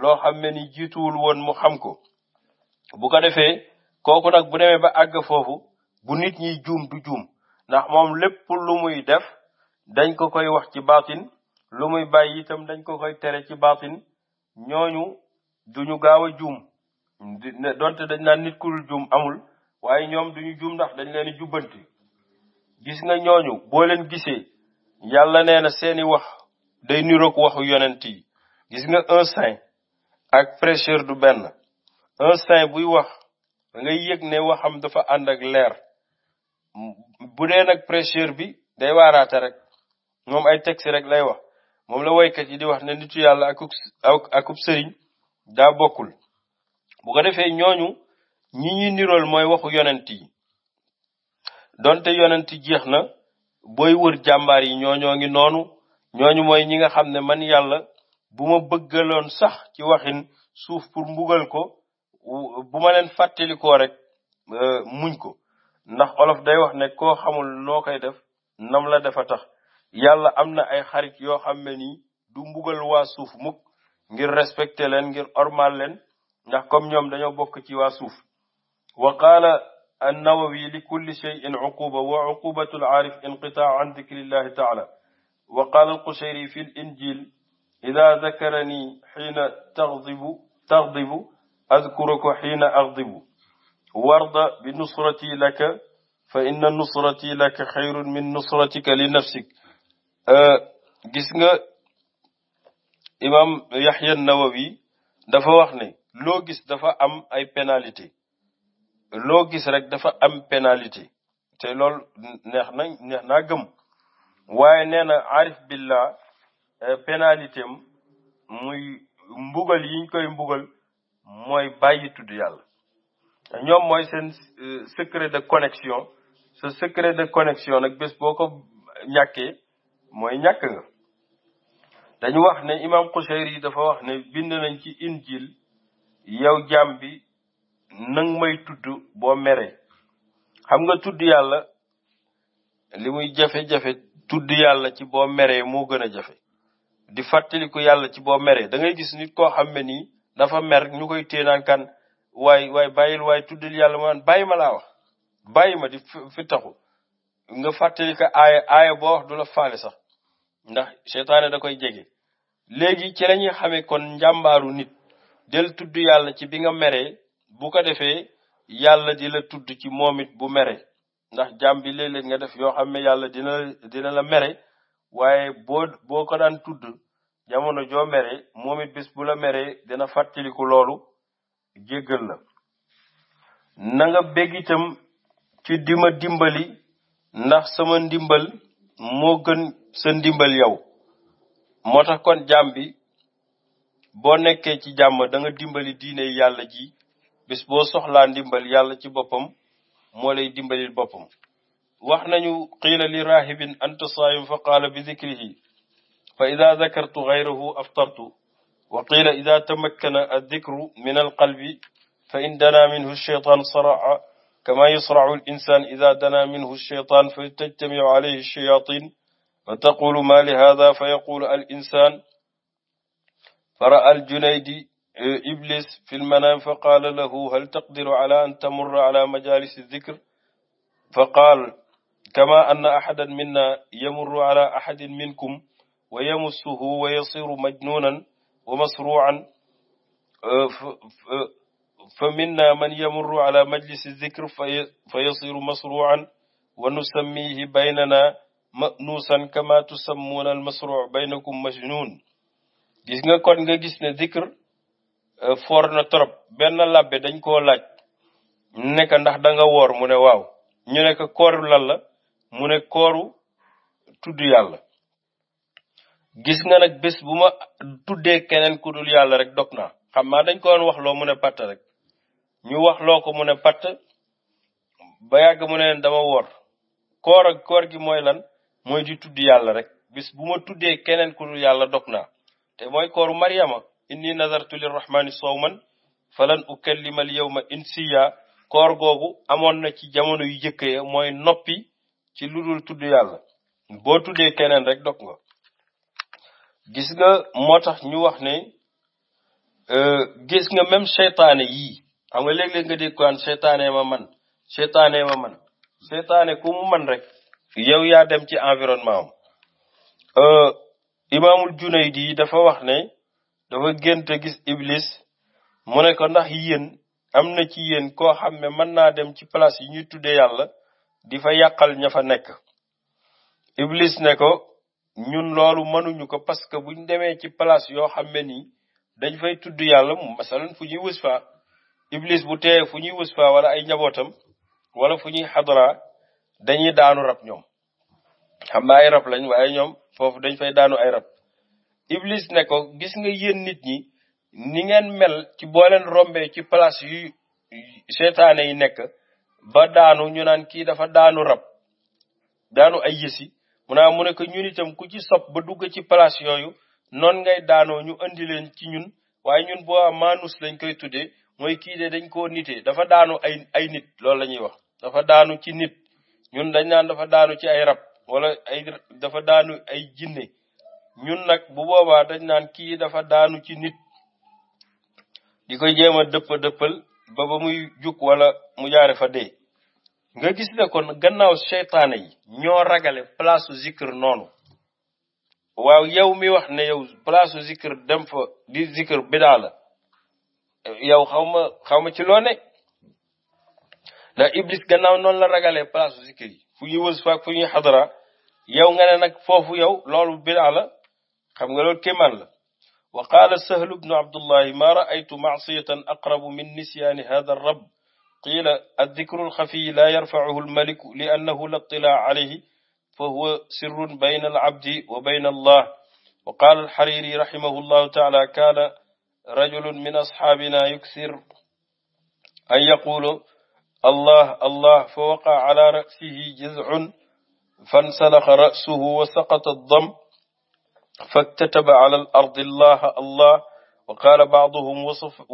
loo xam ne ni jiituwul woon mu xam ko bu ko defee kooku nag bu demee ba àgg foofu bu nit ñi juum du juum ndax moom lépp lu muy def dañ ko koy wax ci baatin lu muy bàyyi itam dañ ko koy tere ci baatin ñooñu duñu gaaw a juum donte dañ naan nit ku juum amul waaye ñoom duñu juum ndax dañ leen jubbanti gis nga ñooñu boo leen gisee yàlla nee na seeni wax day niroog waxu yonent yi gis nga un saint ak prêcheur du benn un saint buy wax da ngay yëg ne waxam dafa ànd ak leer bu dee nag presieur bi day waaraate rek moom ay texte rek lay wax moom la woykat yi di wax ne nitu yàlla akub akub sëriñ daa bokkul bu ko defee ñooñu ñi ñuy nirool mooy waxu yonent yi donte yonent jeex na booy wër jàmbaar yi ñooñoo ngi noonu ñooñu mooy ñi nga xam ne man yàlla bu ma bëggaloon sax ci waxin suuf pour mbugal ko bu ma leen fàttalikoo rek euh, muñ ko ndax olof day wax ne koo xamul noo koy def nam la dafa tax yàlla am na ay xarit yoo xam ne nii du mbugal suuf mukk ngir respecté leen ngir ormal leen ndax comme ñoom dañoo bokk ci waa suuf wa qaala annawawi li kulli cheyin uquba wa uqubatu alaarif inqitaa an dikrillahi taala wa qaala alqushayri fi l injil ida dakarani xiina taxdibu adkuruka xiina axdibu warda bi nusrati laka fa inna nusrati laka xayrun min nusratika li nafsik gis nga imam yaxya nawawi dafa wax ne loo gis dafa am ay pénalité loo gis rek dafa am pénalité te lool neex na neex naa gëm waaye nee na arif billah euh, pénalité muy mbugal yiñ koy mbugal mooy bàyyi tudd yàlla ñoom mooy seen euh, secret de connexion sa secret de connexion nag bés boo ko ñàkkee mooy ñàkk nga dañu wax ne imam Qushayri yi dafa wax ne bind nañ ci injil yow jaam bi nang may tudd boo meree xam nga tudd yàlla li muy jafe-jafe tudd yàlla ci boo meree moo gën a jafe di fàttaliku yàlla ci boo meree da gis nit koo xam nii dafa mer ñu koy téye naan kan waaye waay bàyyil waaye tuddil yàlla mu naan ma laa wax bàyyi ma di fi taxu nga fàttali ko aaya aaya boo wax du la faale sax ndax seytaane da koy jege léegi ci la ñuy xamee kon njàmbaaru nit del tudd yàlla ci bi nga meree bu ko defee yàlla di la tudd ci moom it bu mere ndax jàmm bi léeg-léeg nga def yoo xam ne yàlla dina dina la mere waaye boo boo ko daan tudd jamono joo mere moom it bis bu la mere dina fàttaliku loolu jéggal la nanga nga bég itam ci dima dimbali ndax sama ndimbal moo gën sa ndimbal yow moo tax kon jàmm boo nekkee ci jàmm danga dimbali diine yàlla ji bis boo soxlaa ndimbal yàlla ci boppam moo lay dimbali boppam wax nañu xiila li raahibin fa qaala bi dikrihi fa ida zakartu gayrahu aftartu wa qila ida tamakkana aldicru min alqalbi fa in dana minhu alcheytaan saraa kama yasracu alinsan ida dana minhu alcheytaan fa tajtamicu alayhi alchayatin fa taqulu ma lihada fa yaqulu alinsan fara'a aljunaydi iblis fi lmanam fa qaala lahu hal taqdiru ala an tamurra ala majalisi aldicr fa qaal kama anna ahadan minna yamurru ala ahadin minkum wa yamussuhu wa yasiru majnunan wa masruan fa minna man yamurru ala majlisi zikr fa yasiru masruan wa nusammihi baynana manuusan kama tusammuuna almasruu baynakum majnun gis nga kon nga gis ne zikr foor na trop benn labbe dañ koo laaj ne ndax danga nga woor mu ne waaw ñu ne ko kooru lan la mu ne tudd yàlla gis nga nag bés bu ma tuddee keneen ku dul yàlla rek dog naa xam naa dañ ko doon wax loo mu ne patt rek ñu wax loo ko mu ne patt ba yàgg mu ne leen dama wor koor ak koor gi mooy lan mooy di tudd yàlla rek bis bu ma tuddee keneen ku dul yàlla dog naa te mooy kooru mariama inni nazartu lirrahmani sawman falan ukallima al yawma insiya koor googu amoon na ci jamono yu jëkk ya mooy noppi ci lu dul tudd yàlla boo tuddee keneen rek dog nga gis nga moo tax ñu wax ne euh, gis nga même seytaane yii xam nga léeg-léeg nga dégg ko an seytaane ma man seytaane ma man seytaane ku mu man rek yow yaa dem ci environnement am euh, imaamul Junaydi dafa wax ne dafa gént gis iblis mu ne ko ndax yéen am na ci yéen koo xam ne mën naa dem ci place yi ñuy tuddee yàlla di fa yàqal ña fa nekk iblis ne ko ñun loolu mënuñu ko parce que buñ demee ci place yoo xam ne dañ fay tudd yàlla masalan fu ñuy wës fa iblis bu teye fu ñuy wës fa wala ay njabootam wala fu ñuy xadara dañuy daanu rab ñoom xam na ay rab lañ waaye ñoom foofu dañ fay daanu ay rab iblis ne ko gis nga yéen nit ñi ni ngeen mel ci boo leen rombee ci palace yu seetaane yi nekk ba daanu ñu naan kii dafa daanu rab daanu ay yësi mu naa mu ne ñun itam ku ci sop ba dugg ci place yooyu noonu ngay daanoo ñu andi leen ci ñun waaye ñun bo boo maanus lañ koy tuddee mooy kii de dañ koo nitee dafa daanu ay ay nit loolu la ñuy wax dafa daanu ci nit ñun dañ naan dafa daanu ci ay rab wala dafa daanu ay jinne ñun nag bu boobaa dañ naan kii dafa daanu ci nit di koy jéem a dëpp dëppal ba ba muy jug wala mu jaare fa dee nga gis ne kon gannaaw seytaane yi ñoo ragale palaasu zikr noonu waaw yow mi wax ne yow palaasu zikr dem fa di zikr bidaa la yow xaw ma xaw ma ci loo ne ndax iblis gannaaw noonu la ragalee palaasu zikr yi fu ñuy wës faak fu ñuy xadara yow nga ne nag foofu yow loolu bidaa la xam nga loolu kéemaan la wa qaala sahlu bnu abdullahi ma raaytu maasiyatan aqrabu min nisyaani hada rab qiila addikru alxafiy laa yarfacuhu almaliku li annahu la itilaa alayhi fa huwa sirrun bayna alabdi wa bayna allah wa qaala alxariri raximahu llahu taala kaana rajulun min asxaabina yuksir an yaqulu allah allah fa waqaa ala ra'sihi jizcun fansalaxa ra'suhu wa saqata addam faktataba ala al ardi allah allah wa qaala bacduhum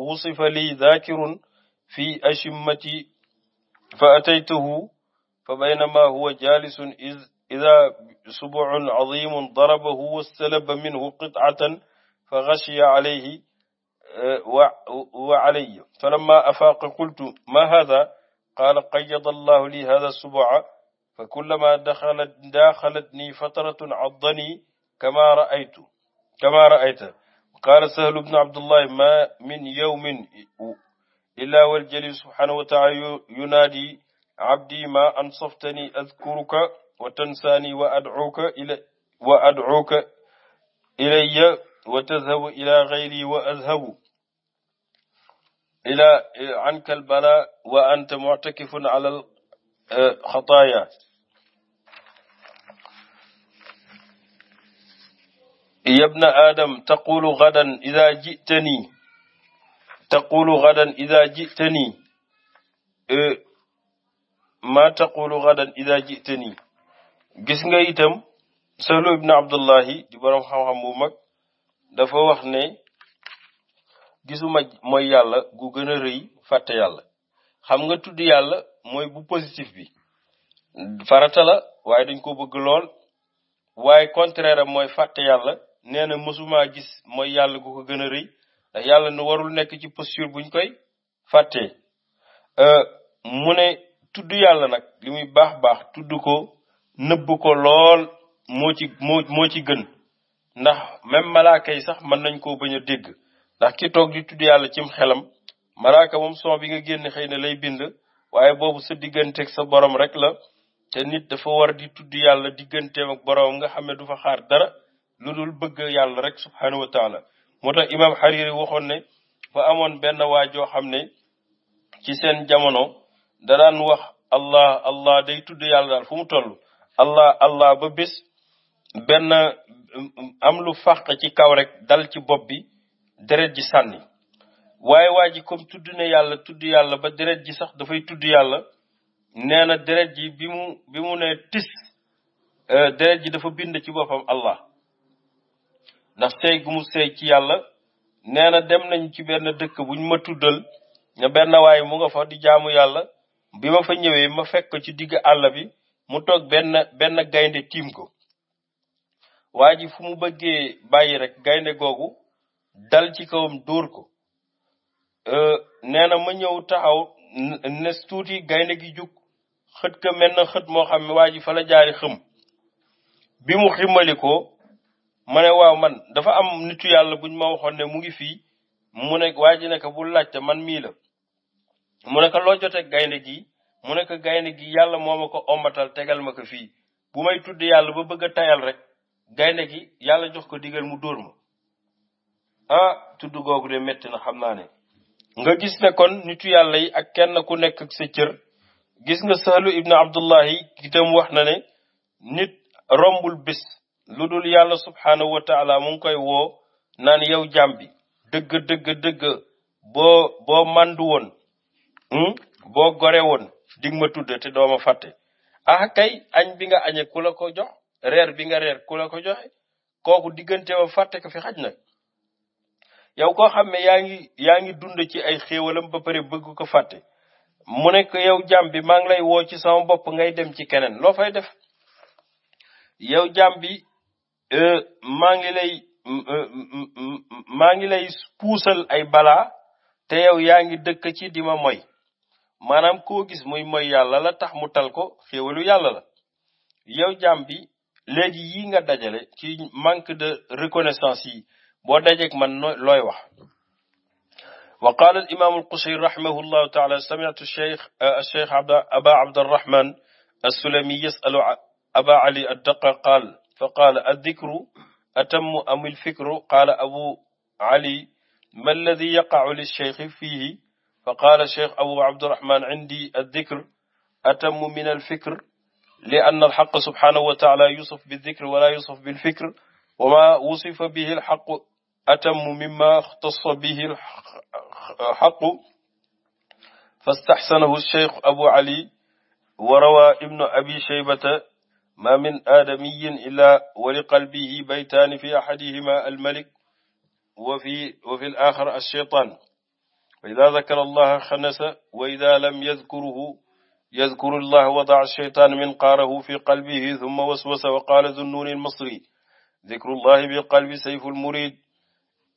wusifa lii daakirun fi achimmati fa ataytuhu fa baynama huwa jalisun ida subuun azimun darabahu wastalaba minhu qitatan fa gashiya alayhi eh, wa alaya falamma afaaqa qultu ma hada qaala qayyada allahu li hada subua fa kullama daxalat daaxalatni fatratun caddanii kama raaytu kama raayta qaala sahlu bnu abdullahi ma min yawmin lillah wal jalil subhanahu wa taala yunaadi abdi ma ansaftani adkuruka wa tansaani wa adcuuka ila wa adcuuka ilaya wa tadhabu ila gayri wa adhabu ila anka albala wa anta muctakifun ala alxataaya yabna aadam taqulu gadan ida jitani taqulu gadan ida jitani ma taqulu gadan ida jitani gis nga itam Sahlu ibn Abdullahi di borom xam-xam bu mag dafa wax ne gisuma mooy yàlla gu gën a rëy fàtte yàlla xam nga tudd yàlla mooy bu positif bi farata la waaye dañ ko bëgg lool waaye contraire mooy fàtte yàlla nee na mësuma gis mooy yàlla gu ko gën a rëy ndax yàlla nu warul nekk ci posture buñ koy fàttee euh, mu ne tudd yàlla nag li muy baax baax tudd ko nëbb ko lool moo ci moo moo ci gën ndax même malaaka yi sax mën nañ koo bañ a dégg ndax ki toog di tudd yàlla cim xelam malaaka moom son bi nga génn xëy na lay bind waaye boobu sa digganteeg sa borom rek la te nit dafa war di tudd yàlla digganteem ak borom nga xam ne du fa xaar dara lu dul bëgg yàlla rek subhanahu wa taala moo tax imaam Hariri waxoon ne fa amoon benn waa joo xam ne ci seen jamono da daan wax allah allah day tudd yàlla daal fu mu toll allah allah ba bis benn am lu fàq ci kaw rek dal ci bopp bi deret ji sànni waaye waa ji comme tudd na yàlla tudd yàlla ba deret ji sax dafay tudd yàlla nee na deret ji bi mu bi mu ne tis euh, deret ji dafa bind ci boppam allah ndax sëy gu mu sëy ci yàlla nee na dem nañ ci benn dëkk bu ñu ma tuddal ne benn waay mu nga fa di jaamu yàlla bi ma fa ñëwee ma fekk ko ci digg àll bi mu toog benn benn gaynde tiim ko waa ji fu mu bëggee bàyyi rek gaynde googu dal ci kawam dóor ko nee na ma ñëw taxaw nes tuuti gaynde gi jug xët ka mel xët moo xam ne waa ji fa la jaari xëm bi mu ximmalikoo ma waaw man dafa am nitu yàlla buñ ma waxoon ne mu ngi fii mu ne waa ji ne ko bu laajte man mii la mu ne ko loo jotee gaynde gi mu ne gaynde gi yàlla moo ma ko ombatal tegal ma ko fii bu may tudd yàlla ba bëgg a tayal rek gaynde gi yàlla jox ko digal mu dóor ma ah tudd googu de métti na xam naa ne nga gis ne kon nitu yàlla yi ak kenn ku nekk ak sa cër gis nga sahlu ibnu abdullahi itam wax na ne nit rombul bis lu dul yàlla subhaanahu wa taala mu ngi koy woo naan yow jaam bi dëgg dëgg dëgg boo boo màndu woon hmm, boo gore woon dig ma tudd te dooma fàtte ah kay añ bi nga añe ku ko jox reer bi nga reer ko joxe kooku diggante ba fàtte ko fi xaj nag yow koo xam ne yaa ngi yaa ngi dund ci ay xéewalam ba pare bëgg ko fàtte mu ne ko yow jaam bi maa ngi lay woo ci sama bopp ngay dem ci keneen loo fay def yow jaam Euh, maa ngi lay euh, maa ngi lay puusal ay balaa te yow yaa ngi dëkk ci di ma moy maanaam koo gis muy moy yàlla la tax mu tal ko xéewalu yàlla la yow jaam bi léegi yi nga dajale ci manque de reconnaissance yi boo dajeeg man looy wax wa qaala al imaamu al Qushayri rahimahu llahu taala sami'tu cheikh cheikh euh, aba abdarahman as-Sulami yasalu aba ali ad-Daqqa fa qaala addikru atammu amil fikru qaala abu ali ma alladi yaqacu lilcheikhi fiihi fa qaala cheikh abu abdurahman indi addikr atammu min alfikr li ann alxaqa subhanahu wa taala yusuf bildikr wala yusuf bilfikr wa ma wusifa bihi alxaqu atammu mimma ixtassa bihi alxaqu fastaxsanahu cheikh abu ali wa rawa ibnu abi cheybata ma min aadamiyin illa wa li qalbihi baytaani fi ahadihima almalik wa fi wa fi alaaxar alcheytaan fa ida dakara allaha xanasa wa ida lam yadkuruhu yadkuru allah wadaa alcheytaan minqaarahu fi qalbihi thumma waswasa wa qaala zunnuuni almasri dikru llahi bilqalbi sayfu lmurid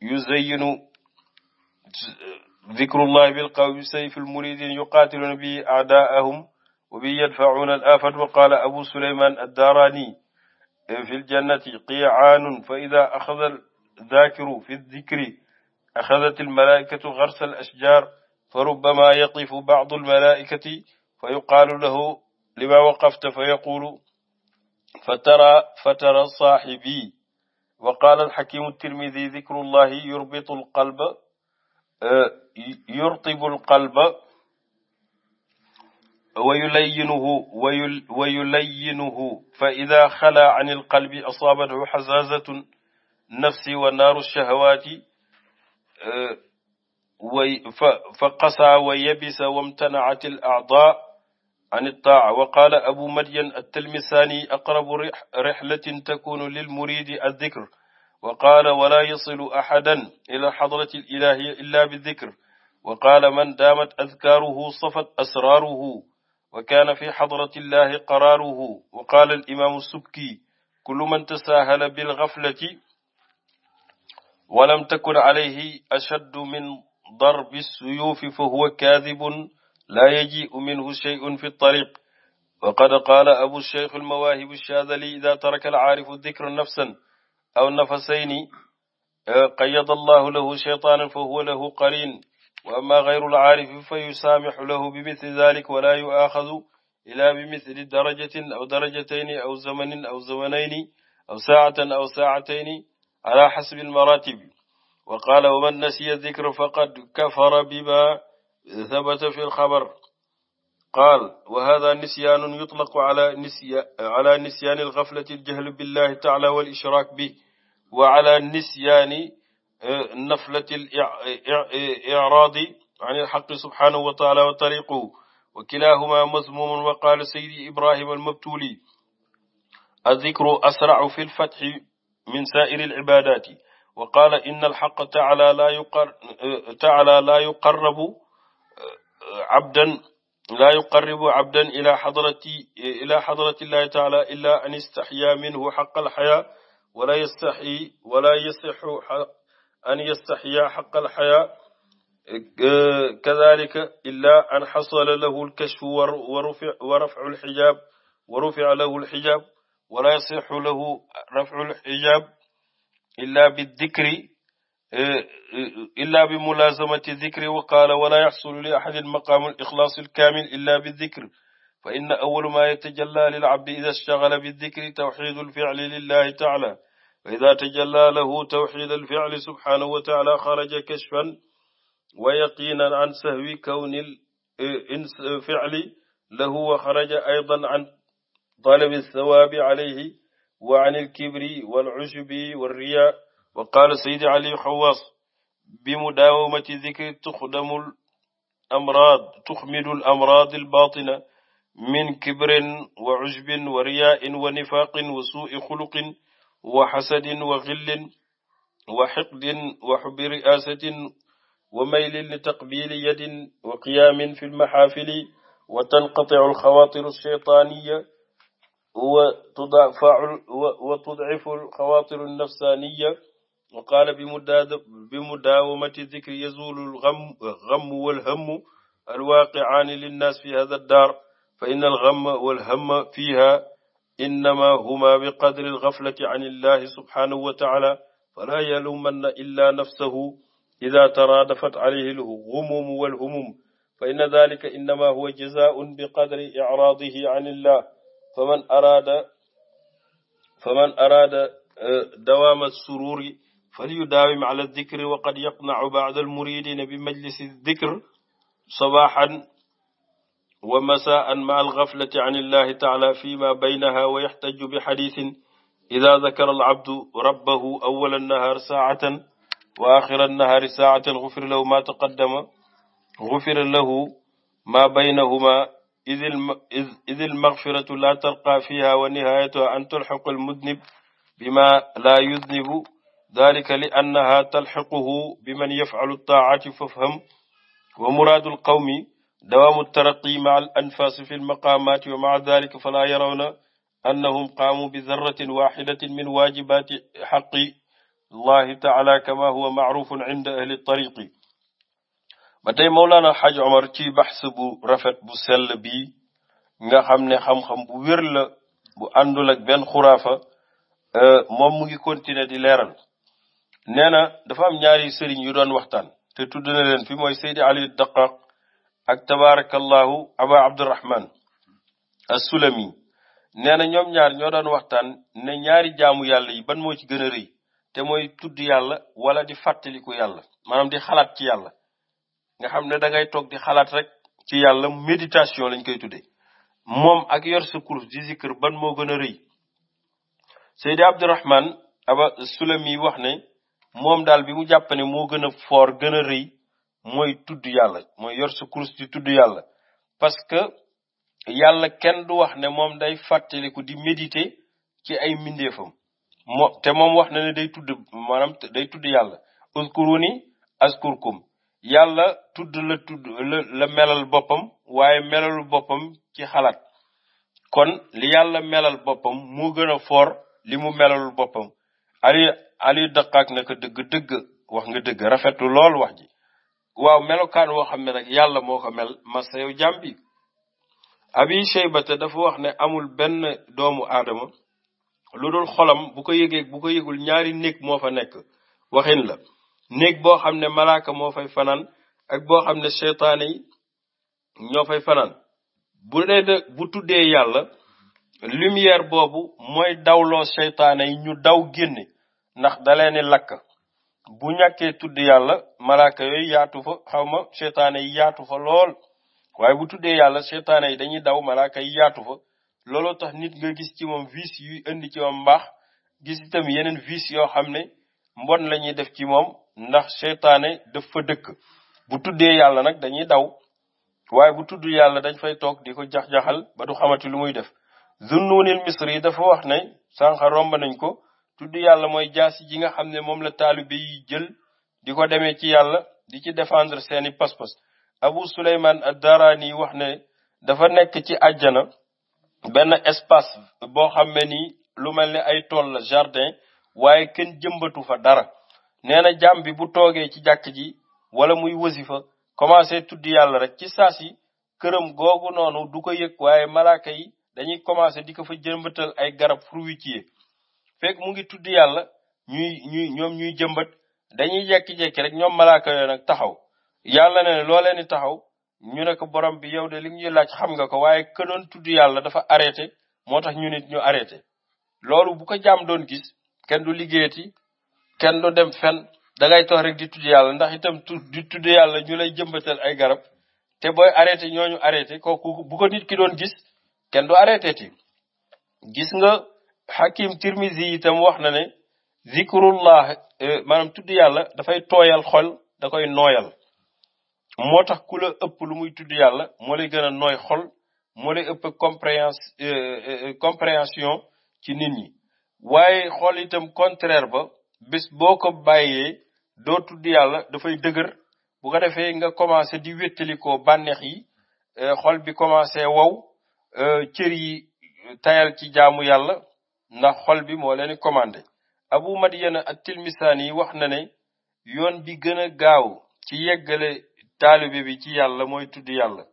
yuzayyinu dikru llahi bilqalbi sayfu lmuridin yuqaatiluna bihi aadaahum wa bi yadfacuuna alaafat wa qaala abu suleyman addaaraani fi ljannati qiyaanun fa ida axada aldaakiru fi ldikri axadat almalaikatu garsa alashjaar fa rubbama yatifu bacdu almalaikati fa yuqaalu lahu lima waqafta fa yaquulu fatara fatara saaxibi wa qaala alxakimu tirmidi dikru llahi yurbitu alqalba yurtibu alqalba ويلينه ويل ويلينه فإذا خلا عن القلب أصابته حزازة النفس ونار الشهوات فقسى ويبس وامتنعت الأعضاء عن الطاعة وقال أبو مدين التلمساني أقرب رحلة تكون للمريد الذكر وقال ولا يصل أحدا إلى حضرة الإله إلا بالذكر وقال من دامت أذكاره صفت أسراره wa kaana fi xadrati illahi qaraaruhu wa qaala alimaamu subki kullu man tasaahala bilgaflati walam takun alayhi ashaddu min darbi suyuufi fa huwa kaadibun laa yajiu minhu sheyun fi tariq wa qad qaala abu sheikh almawaahibu shaadali ida taraka alcaarifu dikra nafsan aw nafasayni qayada allahu lahu sheytaanan fa huwa lahu qarin wa amma gayru laarifi fa yusaamixu lahu bi misli dalik wala yuaaxadu ila bi misli darajatin aw darajatayni aw zamanin aw zamanayni aw saatan aw saatayni ala xasbi almaratibi wa qaala wa man nasiya dikra faqad kafara bima tabata fi lxabar qaal wa hada nisyaanun yutlaqu ala nisyaani algaflati aljahlu billahi taala wal ishraak bi wa ala nisyaani naflatil i'raadi an ilxaqi subhanahu wa taala wa tariqu wa kilahuma mazmumun wa qaala sayidi ibrahima almabtuuli addikru asrau fi lfatxi min saa'iri alcibaadaati wa qaala inna alxaqa taala laa yuqar taala laa yuqarrabu abdan laa yuqarribu abdan ila xadrati ila xadrati illahi taala illa an istaxyaa minhu xaqa alxayaa wala yastaxi wala yasixu an yastaxiya xaq alxayaa kadalika illa an xasala lahu alkashfu wa rafcu alxijaab wa rufica lahu alxijaab wala yasixu lahu rafcu alxijaab illa bidikri illa bimulaazamati dikri wa qaala wala yaxsulu li axadin maqaamu alixlaas alkaamil illa bidikr fa inna awalu ma yatajalla lilcabdi ida ishtagala bidikri tawxidu alficli lillahi taala فإذا تجلى له توحيد الفعل سبحانه وتعالى خرج كشفا ويقينا عن سهو كون الفعل له وخرج أيضا عن طلب الثواب عليه وعن الكبر والعجب والرياء وقال سيد علي حواص بمداومة ذكر تخدم الأمراض تخمد الأمراض الباطنة من كبر وعجب ورياء ونفاق وسوء خلق wa xasadin wa xillin wa xiqdin wa xubbi riasatin wa maylin li taqbili yadin wa qiyaamin fi lmaxaafili wa tanqatiu alxawaatiru alcheytaaniya wa tudfaau wa tudcifu alxawaatiru alnafsaaniya wa qaala bi mudaawamati dikri yazulu alxammu walhammu alwaaqicaani linnaas fi hada addaar fa inna alxamma walhamma fiiha innama huma bi qadri alxaflati an illahi subhanahu wa taala fala yalumanna illa nafsahu ida taraadafat alayhi alxumumu walhumum fa inna dalika innama huwa jazaun bi qadri icraadihi an illah faman araada faman araada dawaama alsururi falyudaawim ala aldikri wa qad yaqnacu bacda almuridina bi majlisi aldikr sabaxan wa masaan ma alxaflati an illahi taala fi ma baynaha wa yaxtaju bi xadisin ida dakara alabdu rabbahu awala annahaar saatan wa axira annahaari saatan gufira lahu ma taqaddama gufira lahu ma baynahuma id almaxfiratu la tarqa fiha wa nihayatuha an tulxiqa almudnib bima la yudnibu dalika li annaha talxiquhu biman yafcalu altaacati fafham wa muraadu alqawmi dawaamu taraqi maa al anfaasi fi lmaqaamaati wa maa dalika la yarawna annahum qaamu bi darratin waaxidatin min waajibaati xaqi allahi taala kama huwa maarufun inda ahli tariqi ba tey ci baxs bu rafet bu sell bi nga xam ne xam-xam bu wér bu àndul ak benn xuraafa euh, moom mu ngi continuer di leeral nee na dafa am ñaari sëriñ yu doon waxtaan te tudd na fi mooy Seydi Ali Daqaq ak tabarakallahu aba abdurahman as-sulami nee na ñoom ñaar ñoo daan waxtaan ne ñaari jaamu yàlla yi ban moo ci gën a rëy te mooy tudd yàlla wala di fàttaliku yàlla maanaam di xalaat ci yàlla nga xam ne dangay toog di xalaat rek ci yàlla méditation lañ koy tuddee moom ak yor sa di zikr ban moo gën a rëy Seydi Abdurahman aba sulami wax ne moom daal bi mu jàpp moo gën foor gën a rëy mooy tudd yàlla mooy yor sa kurus di tudd yàlla parce que yàlla kenn du wax ne moom day fàttaliku di méditer ci ay mbindeefam moo te moom wax na ne day tudd maanaam day tudd yàlla ni uskuruni askurkum yàlla tudd la tudd la melal boppam waaye melalu boppam ci xalaat kon li yàlla melal boppam mu gën a foor li mu melalul boppam ali ali daqaak naka dëgg dëgg wax nga dëgg rafetu lool wax ji waaw melokaan woo xam ne rek yàlla moo ko mel masa yow jàmm bi abi cheybata dafa wax ne amul benn doomu aadama lu dul xolam bu ko yëgee bu ko yëgul ñaari néeg moo fa nekk waxin la néeg boo xam ne malaaka moo fay fanaan ak boo xam ne seytaane yi ñoo fay fanaan bu dee bu tuddee yàlla lumière boobu mooy dawloo seytaane yi ñu daw génne ndax da leen lakk bu ñàkkee tudd yàlla malaaka yooyu yaatu fa xaw ma seytaane yi yaatu fa lool waaye bu tuddee yàlla seytaane yi dañuy daw malaakay yi yaatu fa looloo tax nit nga gis ci moom vice yuy indi ci moom mbaax gis itam yeneen vis yoo xam ne mbon la ñuy def ci moom ndax seytaane daf fa dëkk bu tuddee yàlla nag dañuy daw waaye bu tudd yàlla dañ fay toog di ko jax-jaxal ba du xamati lu muy def zunnunil misri yi dafa wax ne sànq romb nañ ko tudd yàlla mooy jaasi ji nga xam ne moom la taalibe yi jël di ko demee ci yàlla di ci défendre seeni pas-pas abu suleyman ad-darani wax ne dafa nekk ci àjjana benn espace boo xam ne ni lu mel ni ay tool la jardin waaye kenn jëmbatu fa dara nee na jàmm bi bu toogee ci jàkk ji wala muy wasifa commencé tudd yàlla rek ci saa si këram googu noonu du ko yëg waaye malaaka yi dañuy commencé di ko fa jëmbatal ay garab fruitier fekk mu ngi tudd yàlla ñuy ñuy ñoom ñuy jëmbat dañuy jekki-jekki rek ñoom malaaka yooyu nag taxaw yàlla ne loo leen di taxaw ñu ne ko borom bi yow de li ñuy laaj xam nga ko waaye ka doon tudd yàlla dafa arrêté moo tax ñu nit ñu arrêté loolu bu ko jaam doon gis kenn du liggéeyati kenn du dem fen da ngay toog rek di tudd yàlla ndax itam tu di tudd yàlla ñu lay jëmbatal ay garab te booy arrêté ñooñu arrêté kooku bu ko nit ki doon gis kenn du arrêté ti gis nga Hakim Tirmizi itam wax na ne zikrullah eh, maanaam tudd yàlla dafay tooyal xol da koy nooyal moo tax ku la ëpp lu muy tudd yàlla moo lay gën a nooy xol moo lay ëpp eh, eh, compréhension ci nit ñi waaye xol itam contraire ba bés boo ko bàyyee doo tudd yàlla dafay dëgër bu ko defee nga commencé di wéttalikoo bànneex yi xol bi commencé wow cër yi tayal ci jaamu yàlla ndax xol bi moo leen commandé abu madiyana at tilmisaan yi wax na ne yoon bi gën a gaaw ci yeggale taalibe bi ci yàlla mooy tudd yàlla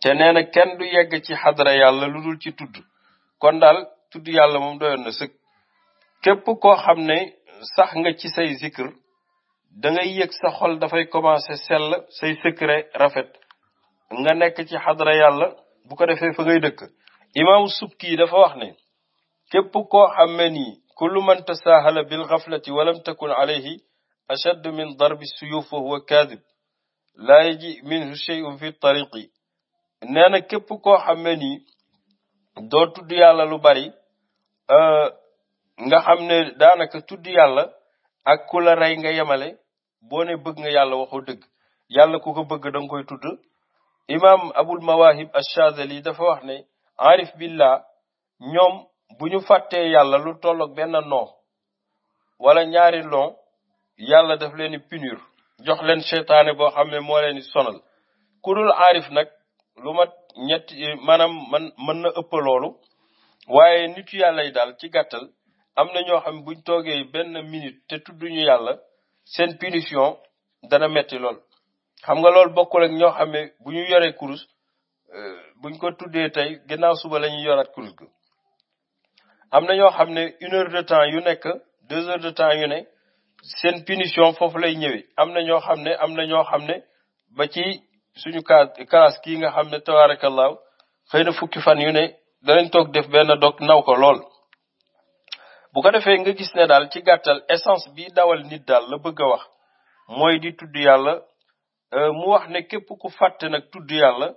te nee kenn du yegg ci xadara yàlla lu dul ci tudd kon daal tudd yàlla moom doyoon na sëkk képp koo xam ne sax nga ci say zikr da ngay yëg sa xol dafay commencé sell say secret rafet nga nekk ci xadara yàlla bu ko defee fa ngay dëkk imaamu subki dafa wax ne képp koo xam ne nii kullu man tasaahala bil xaflati walam takun alayhi ashadd min darbi suyuf wa huwa kaadib laa yaji minhu fi tariqi nee na képp koo xam ne nii doo tudd yàlla lu bari euh, nga xam ne daanaka tudd yàlla ak ku la rey nga yemale boo ne bëgg nga yàlla waxoo dëgg yàlla ku ko bëgg dan koy tudd imaam abul mawahib ashadali dafa wax ne arif billah ñoom bu ñu fàttee yàlla lu tollook benn noo wala ñaari long yàlla daf leen di jox leen seytaane boo xam ne moo leen sonal ku dul arif nag lu mat ñetti maanaam man mën na ëpp loolu waaye nitu yàlla yi daal ci gàttal am na ñoo xam ne buñ toogee benn minute te tudduñu yàlla seen punition dana metti lool xam nga loolu bokkul ak ñoo xam bu ñu yoree kurus Euh, buñ ko tuddee tey ginnaaw suba lañuy ñuy yoraat kuréel ga am na ñoo xam ne une heure de temps yu nekk deux heures de temps yu ne seen punition foofu lay ñëwee am na ñoo xam ne am na ñoo xam ne ba ci suñu classe kii nga xam ne tabaarakallaahu xëy fukki fan yu ne danañ toog def benn dog naw ko lool bu ko defee nga gis ne daal ci gàttal essence bi dawal nit daal la bëgg a wax mooy di tudd yàlla euh, mu wax ne képp ku fàtte nag tudd yàlla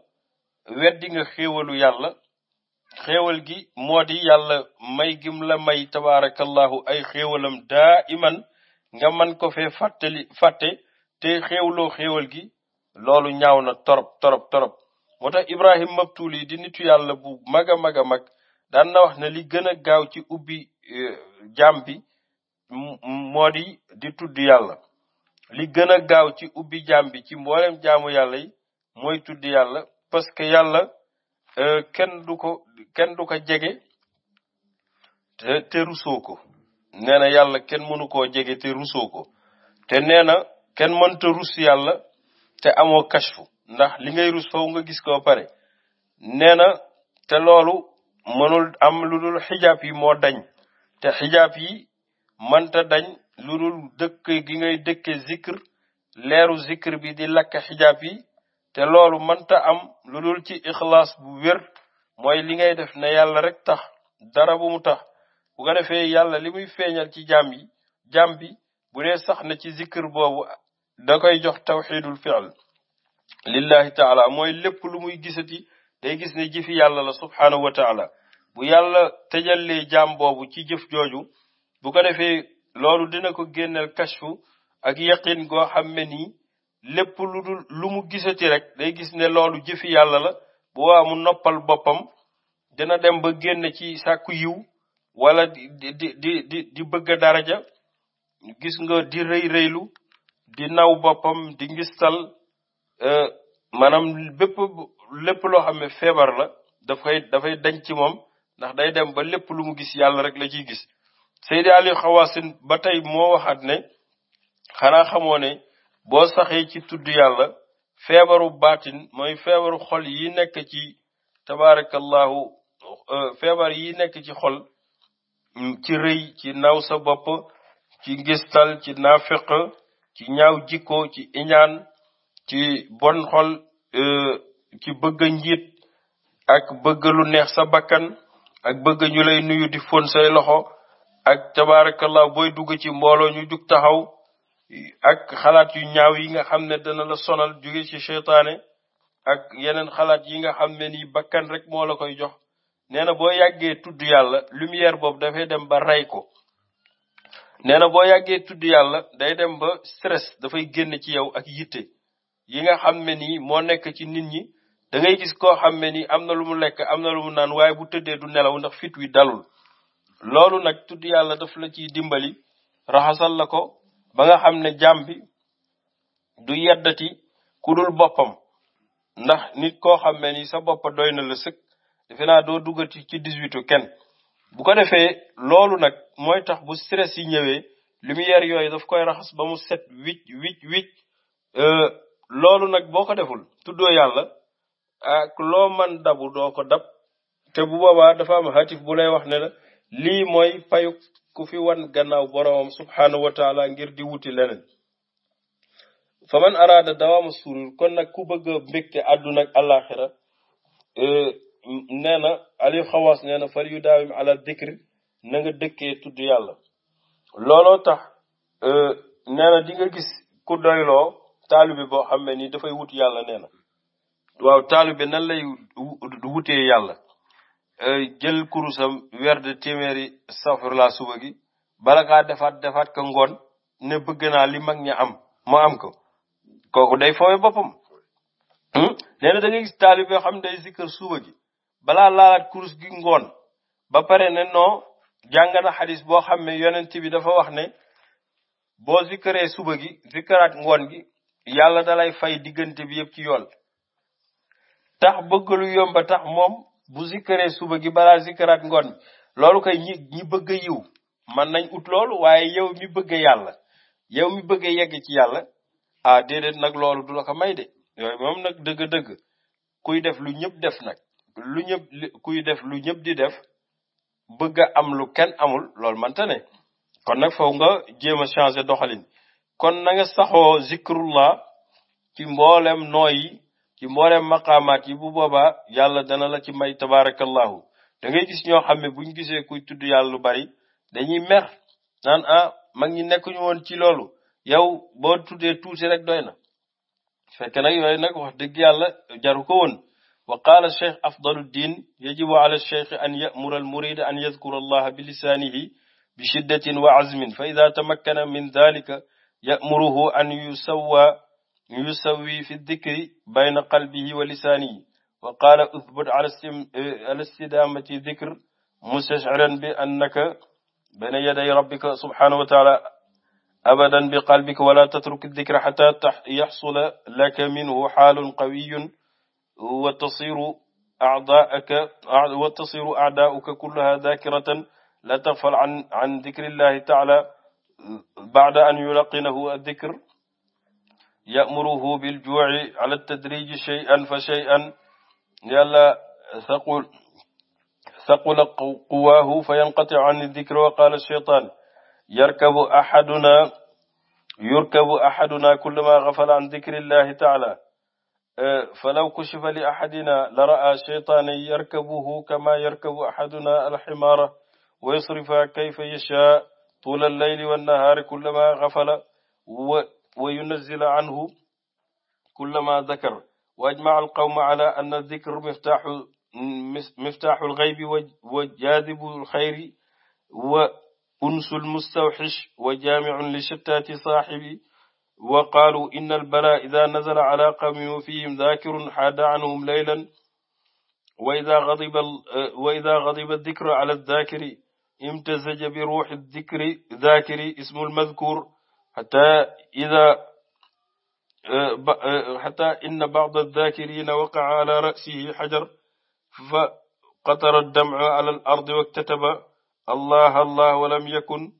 weddi nga xéewalu yàlla xéewal gi moo di yàlla may gim la may tabaarakallahu ay xéewalam daa nga man ko fee fàttali fàtte te xéewloo xéewal gi loolu ñaaw na torop torop torop moo tax ibrahim mabtuuli di nitu yàlla bu mag a mag a mag daan na wax ne li gën a gaaw ci ubbi e, jaam bi moo di di tudd yàlla li gën a gaaw ci ubbi jaam bi ci mboolem jaamu yàlla yi mooy tudd yàlla parce que yàlla euh, kenn du ko kenn du ko jege te te ko nee na yàlla kenn mënu koo jege te rusoo ko te nee na kenn mënta rus yàlla te amoo kashfu ndax li ngay rus faw nga gis ko pare nee na te loolu mënul am lu dul xijaab yi moo dañ te xijaab yi mënta dañ lu dul dëkk gi ngay dëkke zikr leeru zikr bi di lakk xijaab yi te loolu manta am lu dul ci ixlaas bu wér mooy li ngay def ne yàlla rek tax dara bu mu tax bu ko defee yàlla li muy feeñal ci jaam yi jaam bi bu dee sax na ci zikr boobu da koy jox tawxidul fiil lillahi taala mooy lépp lu muy gisati day gis ne jëfi yàlla la subhaanahu wa taala bu yàlla tëjallee jaam boobu ci jëf jooju bu ko defee loolu dina ko génneel kashfu ak yaqin goo xam ne nii lépp lu dul lu mu gisati rek day gis ne loolu jëfi yàlla la bu waa mu noppal boppam dina dem ba génn ci sàkku yiw wala di di di di di bëgg daraja gis nga di rëy rëylu di naw boppam di ngistal e, maanaam bépp lépp loo xam ne feebar la dafay dafay dañ ci moom ndax day dem ba lépp lu mu gis yàlla rek la ciy gis Seydi Ali Xawaasin ba tey moo wax at ne xanaa xamoo ne boo saxee ci tudd yàlla feebaru baatin mooy feebaru xol yi nekk ci tabaarakallahu euh, feebar yi nekk ci xol ci rëy ci naw sa bopp ci ngistal ci nafiq ci ñaaw jikko ci iñaan ci bon xol euh, ci bëgg njiit ak bëgg lu neex sa bakkan ak bëgg ñu lay nuyu di fon say loxo ak tabaarakallahu booy dugg ci mbooloo ñu jug taxaw ak xalaat yu ñaaw yi nga xam ne dana la sonal jóge ci seetaane ak yeneen xalaat yi nga xam ne nii bakkan rek moo la koy jox nee na boo yàggee tudd yàlla lumière boobu dafay dem ba rey ko nee na boo yàggee tudd yàlla day dem ba dafay génn ci yow ak yitte yi nga xam ne nii moo nekk ci nit ñi dangay gis koo xam ne nii am na lu mu lekk am na lu mu naan waaye bu tëddee du nelaw ndax fit wi dalul loolu nag tudd yàlla daf la ciy dimbali raxasal la ko ba nga xam ne jàmbi du yeddati ku dul boppam ndax nit koo xam ne ni sa bopp doy na la sëkk defe doo duggati ci dix-huitu kenn bu ko defee loolu nag mooy tax bu stress yi ñëwee lumière yooyu daf koy raxas ba mu set wicc wicc wicc euh, loolu nag boo ko deful doo yàlla ak loo man dabu doo ko dab te bu boobaa dafa am xatif bu lay wax ne la lii mooy payu ku fi wan gannaaw boroomam subhaanahu wa ngir di wuti leneen fa man araada dawaama surur kon nag ku bëgg a mbégte àdduna ak àllaaxira e, nee na aliou xawaas nee na fal yu daawim ala dëkkee tudd yàlla looloo tax e, nee na gis ku doyloo taalibe boo xam ni dafay wut yàlla nee na waaw taalibe nan lay wutee yàlla Euh, jël kurusam weer de téeméeri safurlaa suba gi bala kaa defaat defaat ko ngoon ne bëgg naa li mag ñi am ma am ko kooku day foowe boppam hmm? nee na da gis taalib xam ne day zikkër suba gi balaa laalaat kurus gi ngoon ba pare ne non jàng na xadis boo xam ne yonent bi dafa wax ne boo zikkëree suba gi zikkëraat ngoon gi yàlla da dalay fay diggante bi yëpp ci yool tax bëgg lu yomba tax moom bu zikkaree suba gi balaa zikkaraat ngoon loolu kay ñi ñi bëgg a yiw man nañ ut loolu waaye yow mi bëgg yàlla yow mi bëgg a yegg ci yàlla ah déedéet nag loolu du la ko may de yooyu moom nag dëgg-dëgg kuy def lu ñëpp def nag lu ñëpp kuy def lu ñëpp di def bëgg a am lu kenn amul loolu mante ne kon nag faw nga jéem a changer doxalin kon na nga saxoo zikrullah ci mboolem nooyi ci mboolem maqaamaat yi bu boobaa yàlla dana la ci may tabaarakallahu da ngay gis ñoo xam ne buñ gisee kuy tudd yàlla lu bari dañuy mer naan a ah, mag ñi nekkuñu woon ci loolu yaw boo tuddee tuuti rek doy na fekk nag yooyu nag wax dëgg yàlla jaru ko woon wa qaala cheikh afdalu diin yajibu ala cheikh an yamura al murida an yadkura allaha bi lisaanihi bi shiddatin wa azmin fa ida tamakkana min dalika yamuruhu an yusawa yusawwi fi dikri bayna qalbihi wa lisaanihi wa qaala uthbut ala istidaamati dikr mustashciran bi annaka bayna yaday rabbika subhanahu wa taala abadan bi qalbika wala tatruk dikra xata yaxsula laka minhu xaalun qawiyun wa tasiru acdaaka wa tasiru acdaauka kullaha dakiratan la taxfal an an dikri llahi taala bacda an yulaqinahu addikr yamuruhu biljuuci ala tadriji cheyan fa cheyan yàlla saqul saqula quwaahu fa yanqati an dikri wa qaala cheytaan yarkabu axaduna yurkabu axaduna kullama gafala an dikri llahi taala e, falaw kushifa li axadina la raa cheytaana yarkabuhu kama yarkabu axaduna alximaara wa yasrifa kayfa yashaa tuula allayli wannahaari kullama gafala wa wa yunazzila anhu kullama dakar wa ajmaa alqawma ala anna dikr miftaxu miftaxu alxaybi wa jaadibu alxayri wa unsu almustawxish wa jaamicun li shataati saaxibi wa qaalu inna albala ida nazala ala qawmin wa fihim daakirun xaada canhum leylan wa ida gadiba wa ida gadiba dikr ala daakiri imtazaja bi ruuxi dikri daakiri ismu almadkur حتى إذا حتى إن بعض الذاكرين وقع على رأسه حجر فقطر الدمع على الأرض واكتتب الله الله ولم يكن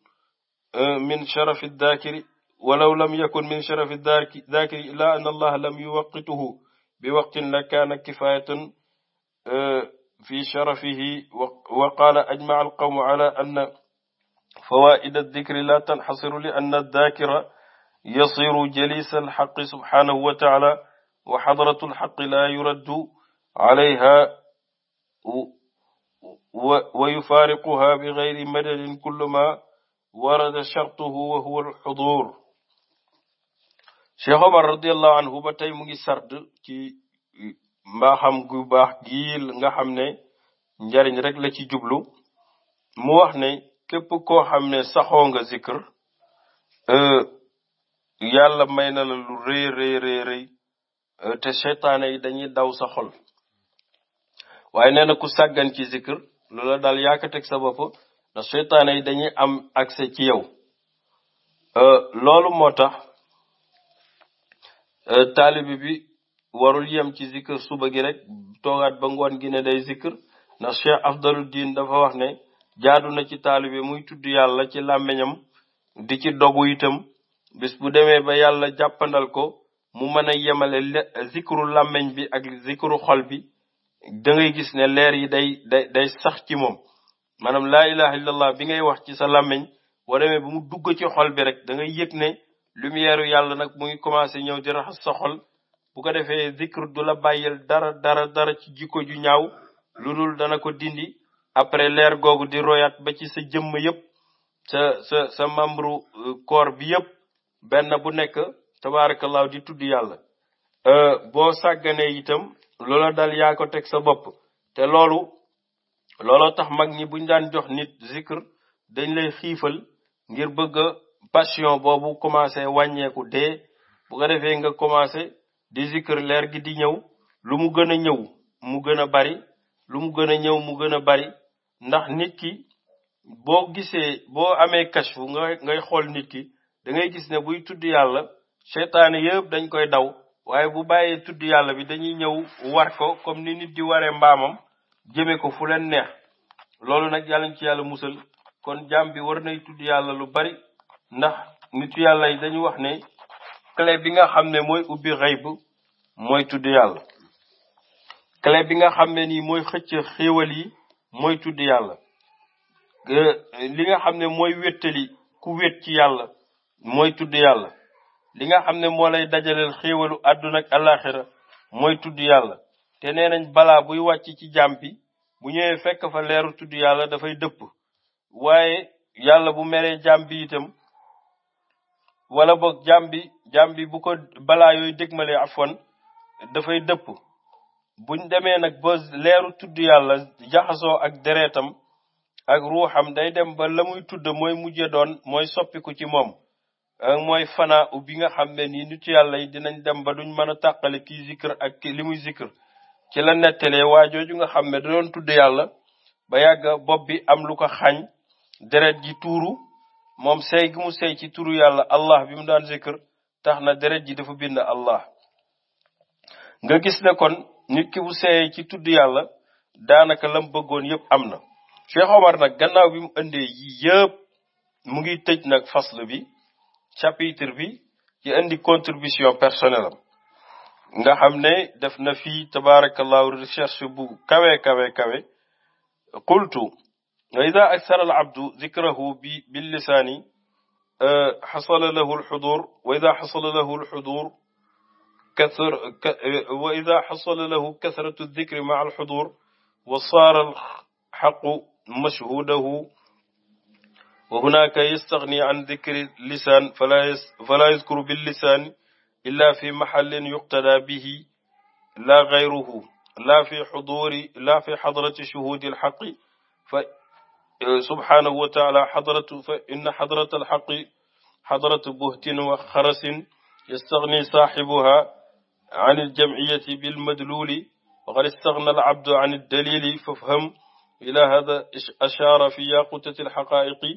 من شرف الذاكر ولو لم يكن من شرف الذاكر إلا أن الله لم يوقته بوقت لكان كفاية في شرفه وقال أجمع القوم على أن fawaid aldicri la tanxasiru li ann aldakira yasiru jalisa alxaqi subhanahu wa taala wa xadratu alxaqi la yuraddu alayha wa yufaariquha bi gayri madadin kullu ma warada chartuhu wa huwa alxudur Cheikh Omar radiallahu anhu ba tey mu ngi sard ci mbaaxam gu baax gii nga xam ne njariñ rek la ci jublu mu wax ne képp koo xam ne saxoo nga zikr euh, yàlla may na la lu rëy rëy euh, te seytaane yi dañuy daw sa xol waaye nee na ku sàggan ci zikr loola daal yaaka teg sa bopp ndax yi dañuy am accès ci yow euh, loolu moo tax taalibi bi warul yem ci zikr suba gi rek toogaat ba ngoon gi ne day zikr ndax cheikh afdalu diin dafa wax ne jaadu na ci taalibe muy tudd yàlla ci làmmiñam di ci dogu itam bis bu demee ba yàlla jàppandal ko mu mën a yemale zikru làmmiñ bi ak zikru xol bi da ngay gis ne leer yi day day day sax ci moom maanaam laa ilaha illallah bi ngay wax ci sa làmmiñ boo demee bu mu dugg ci xol bi rek da ngay yëg ne lumière yàlla nag mu ngi commencé ñëw di raxas sa xol bu ko defee zikru du la bàyyil dara dara dara ci jikko ju ñaaw lu dul dana ko dindi après leer googu di royaat ba ci sa jëmm yëpp sa sa sa membre euh, corps bi yëpp benn bu nekk tabaarakallaahu di tudd yàlla euh, boo sàgganee itam loola dal yaa ko teg sa bopp te loolu looloo tax mag ñi buñ daan jox nit zikr dañ lay xiifal ngir bëgg a passion boobu commencé wàññeeku dee bu ko defee nga commencé di zikr leer gi di ñëw lu mu gën a ñëw mu gën a bari lu mu gën a ñëw mu gën a bari ndax nit ki boo gisee boo amee kashfu nga ngay xool nit ki dangay gis ne buy tudd yàlla seytaane yëpp dañ koy daw waaye bu bàyyee tudd yàlla bi dañuy ñëw war ko comme ni nit di waree mbaamam jëme ko fu leen neex loolu nag yàllañ ci yàlla musal kon jaam bi war nay tudd yàlla lu bari ndax nitu yàlla yi dañu wax ne clé bi nga xam ne mooy ubbi xayb mooy tudd yàlla clé bi nga xam ne nii mooy xëcc xéewal yi mooy tudd yàlla euh, li nga xam ne mooy wéttali ku wét ci yàlla mooy tudd yàlla li nga xam ne moo lay dajaleel xéewalu àdduna ak àllaaxira mooy tudd yàlla te nee nañ bala buy wàcc ci jàmm bi bu ñëwee fekk fa leeru tudd yàlla dafay dëpp waaye yàlla bu meree jàmm bi itam wala boog jàmm bi bu ko balaa yooyu dégmalee afwan dafay dëpp buñ demee nag ba leeru tudd yàlla jaxasoo ak dereetam ak ruuxam day dem ba la muy tudd mooy mujje doon mooy soppiku ci moom mooy fanaa u bi nga xam ne nii nitu yàlla yi dinañ dem ba duñ mën a tàqale kii zikr ak li muy zikr ci la nettalee waa nga xam ne da doon tudd yàlla ba yàgg bopp bi am lu ko xañ deret ji tuuru moom sey gi mu sey ci turu yàlla allah bi mu daan zikr tax na deret ji dafa bind allah nga gis ne kon nit ki bu seey ci tudd yàlla daanaka la bëggoon yëpp am na Cheikh Omar nag gannaaw bi mu indee yi mu ngi tëj nag fasle bi chapitre bi ci indi contribution personnelle am nga xam ne def na fi tabarakallahu recherche bu kawe kawe kawe qultu wa ida aksara al abdu zikrahu bi bil lisaani xasala euh, lahu al xudur wa ida xasala lahu al xudur kasr wa ida xasala lahu kasratu dikri maa alxudur wa saara alxaqu mashhudahu wa hunaka yastaxni an dikri lisaan fala yaskuru billisaani illa fi maxallin yuqtada bihi la gayruhu la fi xuduri la fi xadrati shuhudi alxaqi fa subhanahu wa taala xadratu fa inna xadrata alxaqi xadratu buhtin wa xarasin yastaxni saaxibuha an iljamciyati bilmadluli waqad istaxna alabdu an aldalili fafham ila hada ashaara fi yaqutati alxaqaiqi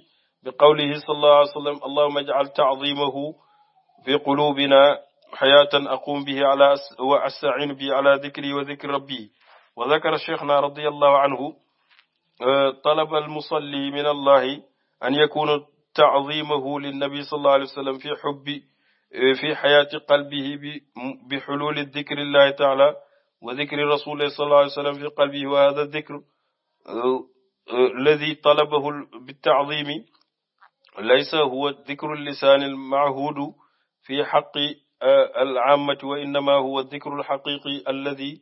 biqawlihi sallallahu alayhi wa sallam allahuma ajcal tacdimahu fi qulubina xayaatan aqum bihi ala wa astaciinu bihi ala dikri wa dikri rabbi wa dakara cheikhna radiyallahu anhu talaba almusalli min allahi an yakuna tacdimahu linnabi sallallahu alayhi wa sallam fi xubbi E, fi xayaati qalbihi bi bi xululi dikri llahi taala wa dikri rasulihi sallallahu alayhi wa sallam fi qalbihi wa hada dikr alladi e, e, talabahu bitacdimi laysa huwa dikru lisaani almaahudu fi xaqi alcaamati wa innama huwa dikru alxaqiqi alladi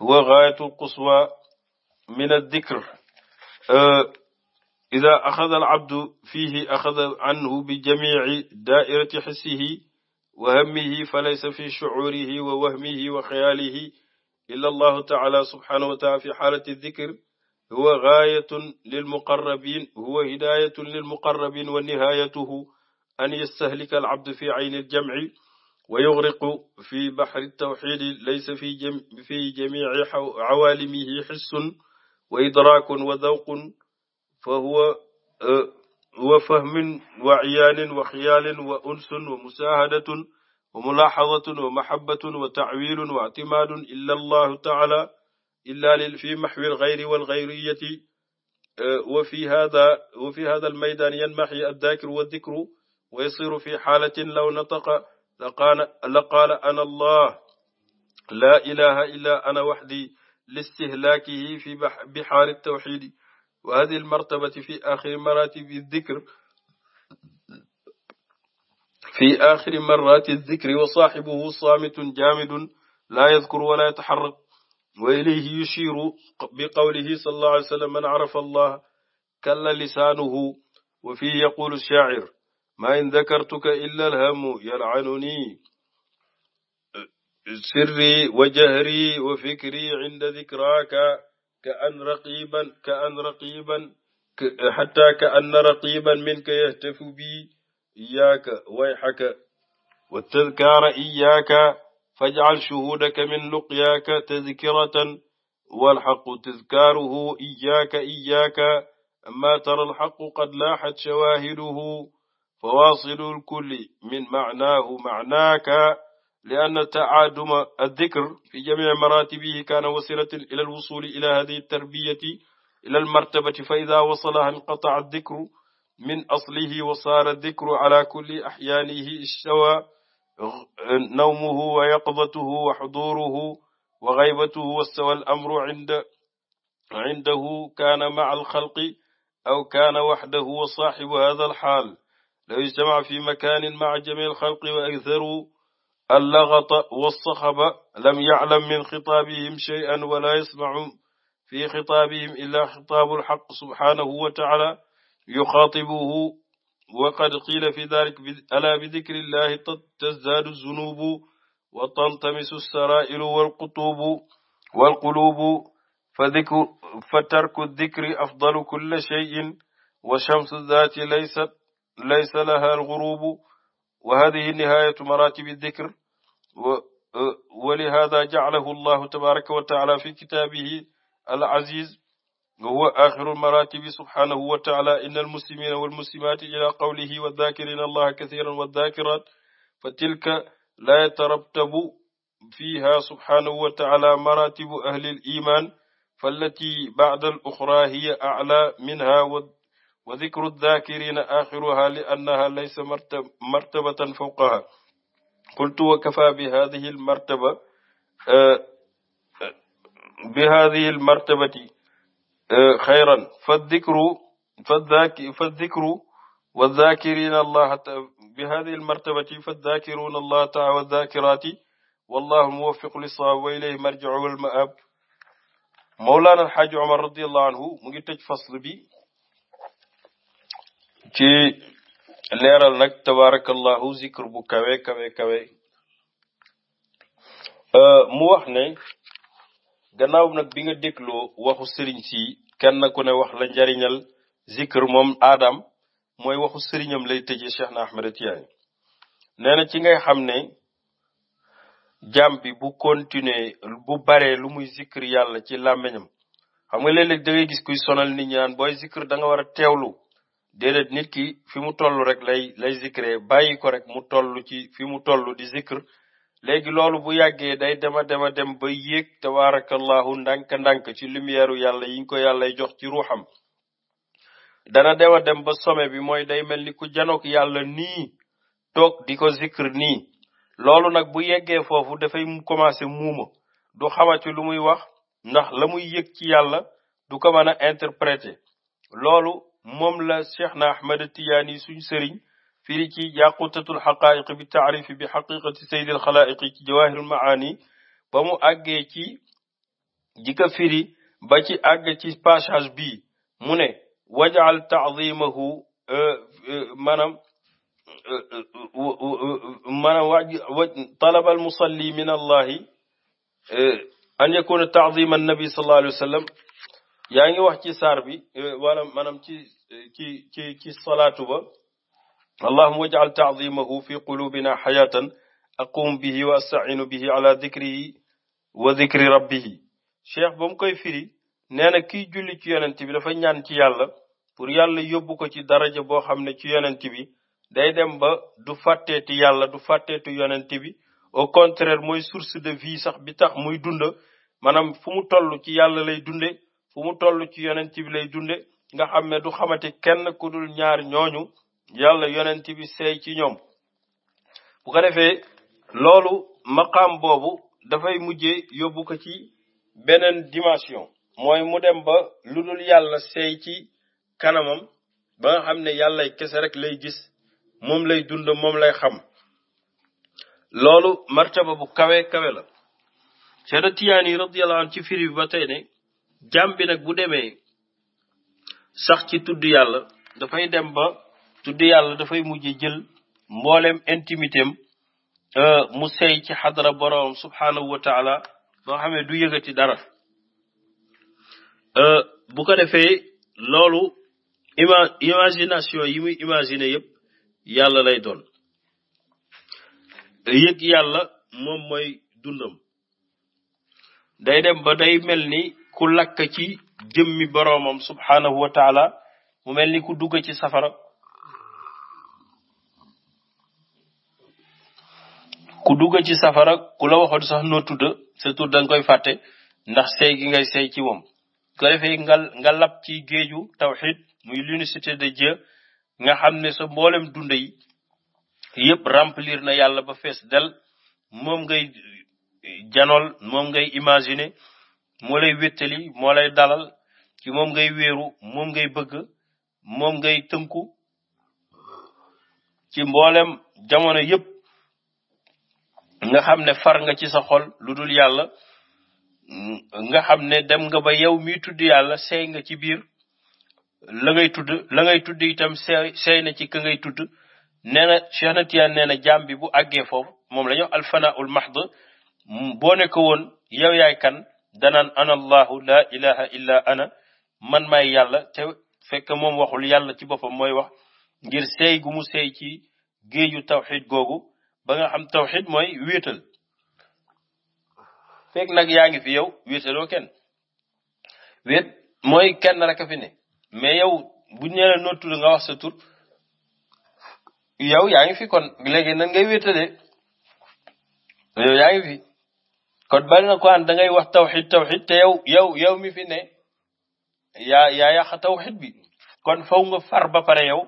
huwa gaayatu alquswa min aldikr ida axada alcabdu fihi axada canhu bijamici daairati xisihi wa hammihi fa laysa fi shucuurihi wa wahmihi wa xayaalihi illa allahu taala subhanahu wa taala fi xaalati dikr huwa gaayatun lilmuqarrabin huwa hidaayatun lilmuqarrabin wa nihaayatuhu an yastahlika alabdu fi ayni aljamci wa yugriqu fi baxri tawxidi laysa fi fi jamici cawaalimihi xissun wa idraakun wa dawqun fa huwa wa fahmin wa ciyaalin wa xiyaalin wa unsun wa musaahadatun wa mulaaxadatun wa maxabbatun wa tacwiilun wa ictimaadun illa allahu taala illa lil fi maxwi alxayri walxayriyati eh, wa fi hada wa fi hada almaydaan yanmaxi addaakiru waddikru wa yasiru fi xaalatin law nataqa la qaala ana allah laa ilaha illa ana waxdi listihlaakihi fi bixaari tawxiidi wa hadi almartabati fi axiri maratibi dikr fi axiri marati dikri wa saaxibuhu saamitun jaamidun laa yadkuru wala yataxarrak wa ilayhi yushiru bi qawlihi sallallahu alayhi wa sallam man arafa allah kalla lisaanuhu wa fihi yaqulu shaacir ma in dakartuka illa alhamu yalcanuni sirri wa jahri wa fikri cinda dikraaka ka an raqiban ka an raqiban xataa ka anna raqiban minka yahtafu bi iyaaka wayxaka watadkaara iyaaka fajcal shuhuudaka min luqyaaka tadkiratan walxaqu tadkaaruhu iyaaka iyaaka amaa tara alxaqu qad laaxat shawaahiduhu fawaasilu lkulli min macnaahu macnaaka li anna taaduma addikr fi jamii maratibihi kaana wasilatin ila alwusuli ila hadihi tarbiyati ila almartabati fa ida wasalaha inqataa addikru min aslihi wa saara addikru ala kulli axyaanihi istawa nawmuhu wa yaqdatuhu wa xuduuruhu wa gaybatuhu wastawa alamru inda indahu kaana maca alxalqi aw kaana waxdahu wa saaxibu hada alxaal law ijtamaca fi makanin maca jamii alxalqi wa aktaru اللغط والصخب لم يعلم من خطابهم شيئا ولا يسمع في خطابهم إلا خطاب الحق سبحانه وتعالى يخاطبه وقد قيل في ذلك ألا بذكر الله تزداد الذنوب وتنطمس السرائر والقطوب والقلوب فذكر فترك الذكر أفضل كل شيء وشمس الذات ليست ليس لها الغروب wa hadihi nihayatu maratibi dhikr wa lihada ja'alahu allahu tabaraka wa ta'ala fi kitabihi al-aziz wa huwa axiru maratibi subhanahu wa ta'ala inna al-muslimina wal-muslimati ila qawlihi wa dhakirina allaha kathiran wa dhakirat fa tilka la yatarattabu fiha subhanahu wa ta'ala maratibu ahli al-iman fallati ba'da al-ukhra hiya a'la minha wa dikru daakirina axiruha li annaha laysa martabatan fawqaha qultu wa kafa bi hadihi almartaba eh, bi hadihi almartabati eh, xayran fa dikru fa daaki fa dikru wa daakirina allaha bi hadihi almartabati fa daakiruna allaha taala wa daakiraati wallahu muwaffiqu lissawaab wa ilayhi marjiu walmaab mawlaana alxaaji omar radiallahu anhu mu ngi tëj fasl bi ci leeral nag tabarakallahu zikr bu kawee kawe kawe euh, mu wax ne gannaaw nag bi nga dégloo waxu sëriñ si kenn ku ne wax la njariñal zikr moom aadam mooy waxu sëriñam lay tëjee Cheikh na Ahmed Tidiane nee na ci ngay xam ne jàmm bu continuer bu baree lu muy zikr yàlla ci làmmiñam xam nga léeg-léeg da gis kuy sonal nit ñaan booy zikr da nga war a teewlu déedéet nit ki fi mu toll rek lay lay zikre bàyyi ko rek mu toll ci fi mu toll di zikr léegi loolu bu yàggee day dema dema dem ba yéeg tabarakallahu ndànk-ndànk ci lumière yàlla yi ñu ko yàllay jox ci ruuxam dana dema dem ba sommet bi mooy day mel ni ku janook yàlla nii toog di ko zikr nii loolu nag bu yeggee foofu dafay commencé muuma du xamati lu muy wax ndax la muy yëg ci yàlla du ko mën a interpréter loolu moom la cheikh na ahmad tiyaani suñ sëriñ firi ci yaqutatul xaqaaiq bi taarifi bi xaqiqati saydil xalaiqi ci jawahirul maani ba mu àggee ci jika firi ba ci àgg ci passage bi mu ne wajal taadimahu euh, euh, maanaam euh, maanaam waj talaba almusalli min allahi an yakuna taadima annabi sallallahu alayhi wa sallam yaa ngi wax ci saar bi eh, wala maanaam ci eh, ci ci ci salaatu ba allahuma wajal taadimahu fi qulubina xayatan aqum bihi wa astainu bihi ala dikrihi wa dikri rabbihi cheikh ba mu koy firi nee na kiy ci yonent bi dafa ñaan ci yàlla pour yàlla yóbbu ko ci daraja boo xam ne ci yonent bi day dem ba du fàtteeti yàlla du fàtteetu yonent bi au contraire muy source de vie sax bi tax muy dund maanaam fu mu toll ci yàlla lay dunde fu mu toll ci yonent bi lay dunde nga xam ne du xamati kenn ku dul ñaar ñooñu yàlla yonent bi seey ci ñoom bu ko defee loolu maqaam boobu dafay mujjee yóbbu ko ci beneen dimension mooy mu dem ba lu dul yàlla seey ci kanamam ba nga xam ne yàllay kese rek lay gis moom lay dund moom lay xam loolu martaba bu kawe kawe la Cheikh Tijaani radiyallahu anhu ci firi bi ba tey ne jàmm bi nag bu demee sax ci tudd yàlla dafay dem ba tudd yàlla dafay mujj jël mboolem intimité euh, mu sey ci xadara boroom subhaanahu wa taala boo xam ne du yëgati dara euh, bu ko defee loolu ima imagination yi muy imagine yëpp yàlla lay doon yëg yàlla moom mooy dundam day dem ba day mel ni ku lakk ci jëmmi boroomam subhaanahu wa taala mu mel ni ku dugg ci safara ku dugg ci safara ku la waxoon sax noo tudd sa tur koy fàtte ndax sey gi ngay sey ci moom ko defee nga lab ci géeju tawxid muy l'unicité de Dieu nga xam ne sa mboolem dund yi yëpp remplir na yàlla ba fees del moom ngay janool moom ngay imaginer moo lay wéttali moo lay dalal ci moom ngay wéeru moom ngay bëgg moom ngay tënku ci mbooleem jamono yépp nga xam ne far nga ci sa xol lu dul yàlla nga xam ne dem nga ba yow mi tudd yàlla seey nga ci biir la ngay tudd la ngay tudd itam seey sey na ci ka ngay tudd nee na Cheikh na Tiyaan nee na jaam bi bu àggee foofu moom la ñu alfanaa ul mahd boo nekk woon yow yaay kan danaan ana allahu laa ilaha illa ana man maay yàlla te fekk moom waxul yàlla ci boppam mooy wax ngir seey gu mu seey ci géeju tawxid googu ba nga xam tawxid mooy wéetal fekk nag yaa ngi fi yow wéetaloo kenn wéet mooy kenn rek a fi mais yow bu ñu nee noo nga wax sa tur yow yaa ngi fi kon léegi nan ngay wéetalee yow fi kon bari na ko an da ngay wax tawxid tawxid te yow yow yow mi fi ne yaa yaa yàq tawxid bi kon faw nga far ba pare yow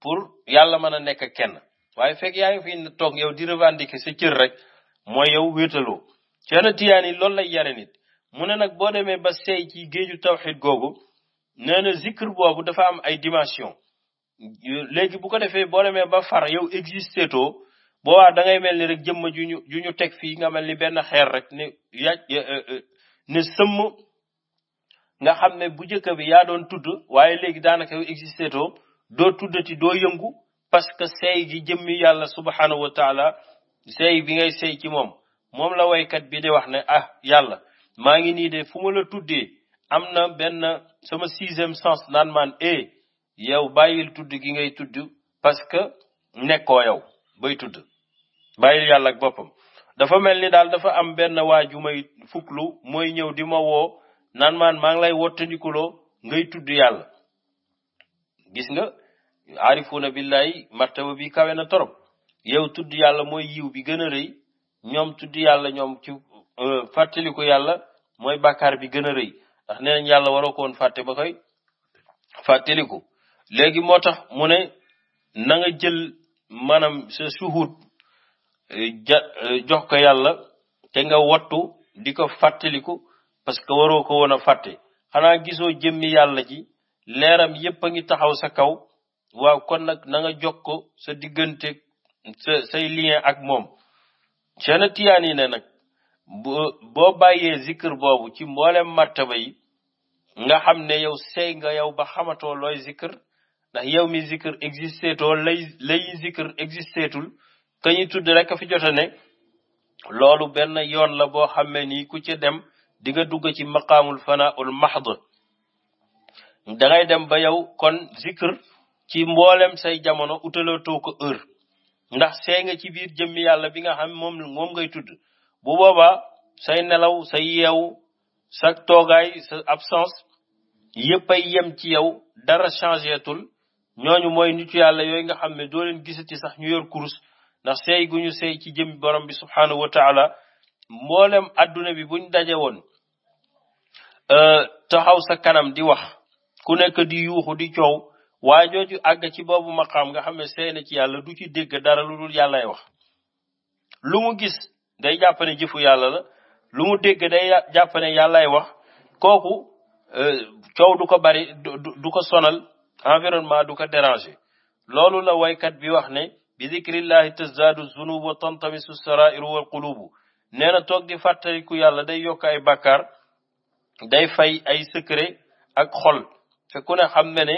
pour yàlla mën a nekk kenn waaye fekk yaa ngi fi toog yow di revendiquer sa cër rek mooy yow wéetaloo Seex Tijaan yi lool lay yare nit mu ne nag boo demee ba seey ci géeju tawxid googu nee na zikr boobu dafa am ay dimension léegi bu ko defee boo demee ba far yow existé too boo da ngay mel ni rek jëmm ju ñu ju ñu teg fii nga mel ni benn xeer rek ne yaaj ne sëmm nga xam ne bu njëkk bi yaa doon tudd waaye léegi daanaka yow existé too doo tuddati doo yëngu parce que seey gi jëmm yàlla subhanahu wa sey bi ngay sey ci moom moom la woykat bi di wax ne ah yàlla maa ngi nii de fu ma la tuddee am na benn sama sixième sens naan maan e yow bàyyil tudd gi ngay tudd parce que nekkoo yow bay tudd bàyyil yàlla ak boppam dafa mel ni daal dafa am benn waa ju may fuklu mooy ñëw di ma woo naan maan maa ngi lay wottandikuloo ngay tudd yàlla gis nga aarifuuna billahi martaba bi kawe na torop yow tudd yàlla mooy yiw bi gën a rëy ñoom tudd yàlla ñoom ci euh, fàttaliku yàlla mooy bàkkaar bi gën a rëy ndax nee yàlla waroo ko woon ba koy fàttaliku léegi moo tax mu ne na nga jël maanaam sa ja eh, jox ko yàlla te nga wattu di ko fàttaliku parce que waroo ko woon fàtte xanaa gisoo jëmmi yàlla ji leeram yépp a ngi taxaw sa kaw waaw kon nag na nga jox ko sa diggante sa say lien ak moom Seexna Tijaan yi ne nag boo bàyyee zikr boobu ci mboolem martaba yi nga xam ne yow sey nga yow ba xamatoo looy zikr ndax yow mi zikr existé too lay lay zikr existétul ka ñu tudd a fi jota ne loolu benn yoon la boo xam ne nii ku ca dem dinga dugg ci maqaamul fanaul mahd da dangay dem ba yow kon zikr ci mboolem say jamono utalaatoo ko heure ndax see nga ci biir jëmmi yàlla bi nga xam moom moom ngay tudd bu boobaa say nelaw say yeewu sa toogaay sa absence yëpp ay yem ci yow dara changé tul ñooñu mooy nitu yàlla yooyu nga xam ne doo leen gisati sax ñu yor kurus ndax seey gu ñu seey ci jëmmi borom bi subhaanahu wa taala mboolem adduna bi buñ daje woon euh, taxaw sa kanam di wax ku nekk di yuuxu di coow waa jooju àgg ci boobu maqaam nga xam ne seey na ci yàlla du ci dégg dara lu dul yàllay wax lu mu gis day jàpp ne jëfu yàlla la lu mu dégg day jàpp ne yàllay wax kooku euh, coow du ko bari du ko sonal environnement du ko déranger loolu la waykat bi wax ne bi zikrillahi tazdaadu zunub wa tantamisu sarairu wal qulubu nee na toog di fàttaliku yàlla day yokk ay bàkkaar day fay ay secret ak xol te ku xam ne ne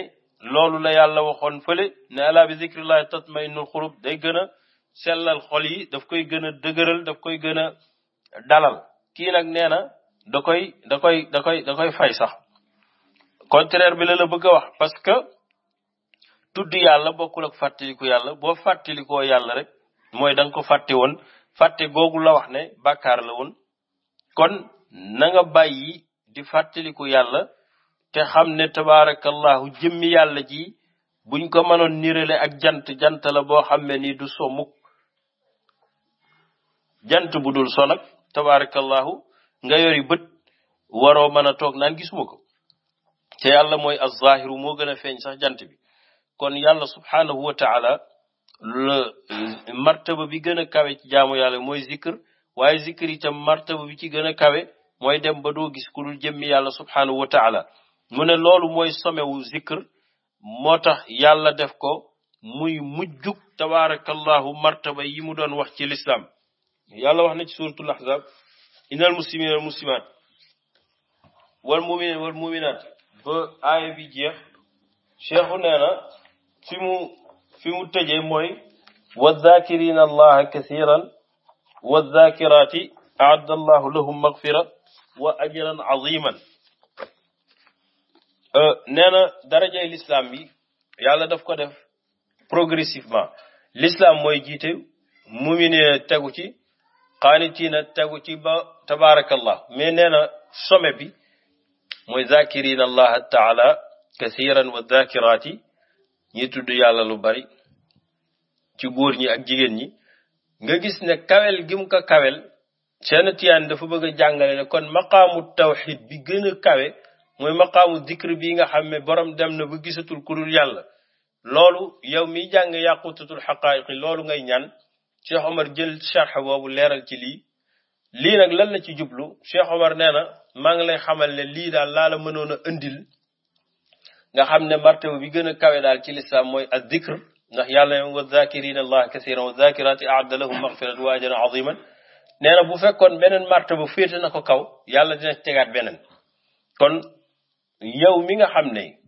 loolu la yàlla waxoon fële ne alaa bi zikrillahi tatmainul xulub day gën a sellal xol yi daf koy gën a dëgëral daf koy gën a dalal kii nag nee na da koy da da koy da fay sax contraire bi la la wax tudd yàlla bokkul ak fàttaliku yàlla boo fàttalikoo yàlla rek mooy danga ko fàtte woon fàtte googu la wax ne bàkkaar la kon na bàyyi di fàttaliku yàlla te xam ne tabaarakallahu jëmmi yàlla ji buñ ko mënoon nirale ak jant jant la boo xam ne nii du so jant bu dul so nag nga yori bët waroo mën a toog naan gisuma ko te yàlla mooy az-zaahiru moo gën a feeñ sax jant bi kon yàlla subhaanahu wa taala la martaba bi gën a kawe ci jaamu yàlla mooy zikr waaye zikr itam martaba bi ci gën a kawe mooy dem ba doo gis ku dul jëmmi yàlla subhaanahu wa taala mu ne loolu mooy somewu zikr moo tax yàlla def ko muy mujjug tabaarakallahu martaba yi mu doon wax ci lislam yàlla wax na ci suratul ahzab innal muslimina wal muslimaat wal muminina wal muminaat bi jeex cheikhu nee fi mu fi mu tëjee mooy wazakirina allaha kathiran wazakirati aadda allahu lahum magfira wa ajran aziman euh, nee na darajay l'islam bi yàlla daf ko def progressivement l'islam mooy jiite mumine tegu ci xaanitina tegu ci ba tabaarakallah mais nee na sommet bi mooy zakirina allaha taala kathiran wa zakirati ñi tudd yàlla lu bari ci góor ñi ak jigéen ñi nga gis ne kawel gi mu ko kawel seen tiyaan dafa bëgg a jàngale ne kon maqaamu tawxid bi gën kawe mooy maqaamu dikr bi nga xam ne borom dem na ba gisatul ku dul yàlla loolu yow mi jàng yàqutatul xaqaayiqi loolu ngay ñaan Cheikh Omar jël sharx boobu leeral ci lii lii nag lan la ci jublu Cheikh Omar nee na maa ngi lay xamal ne lii daal laa la mënoon a indil nga xam ne martaba bi gën a kawe daal ci lislaam mooy a dikr ndax yàlla wa zakirina allah kasiran wa zakirati aadda lahum maxfirat wa ajran aziman nee na bu fekkoon beneen martaba féete na ko kaw yàlla dina tegaat beneen kon yow mi nga xam ne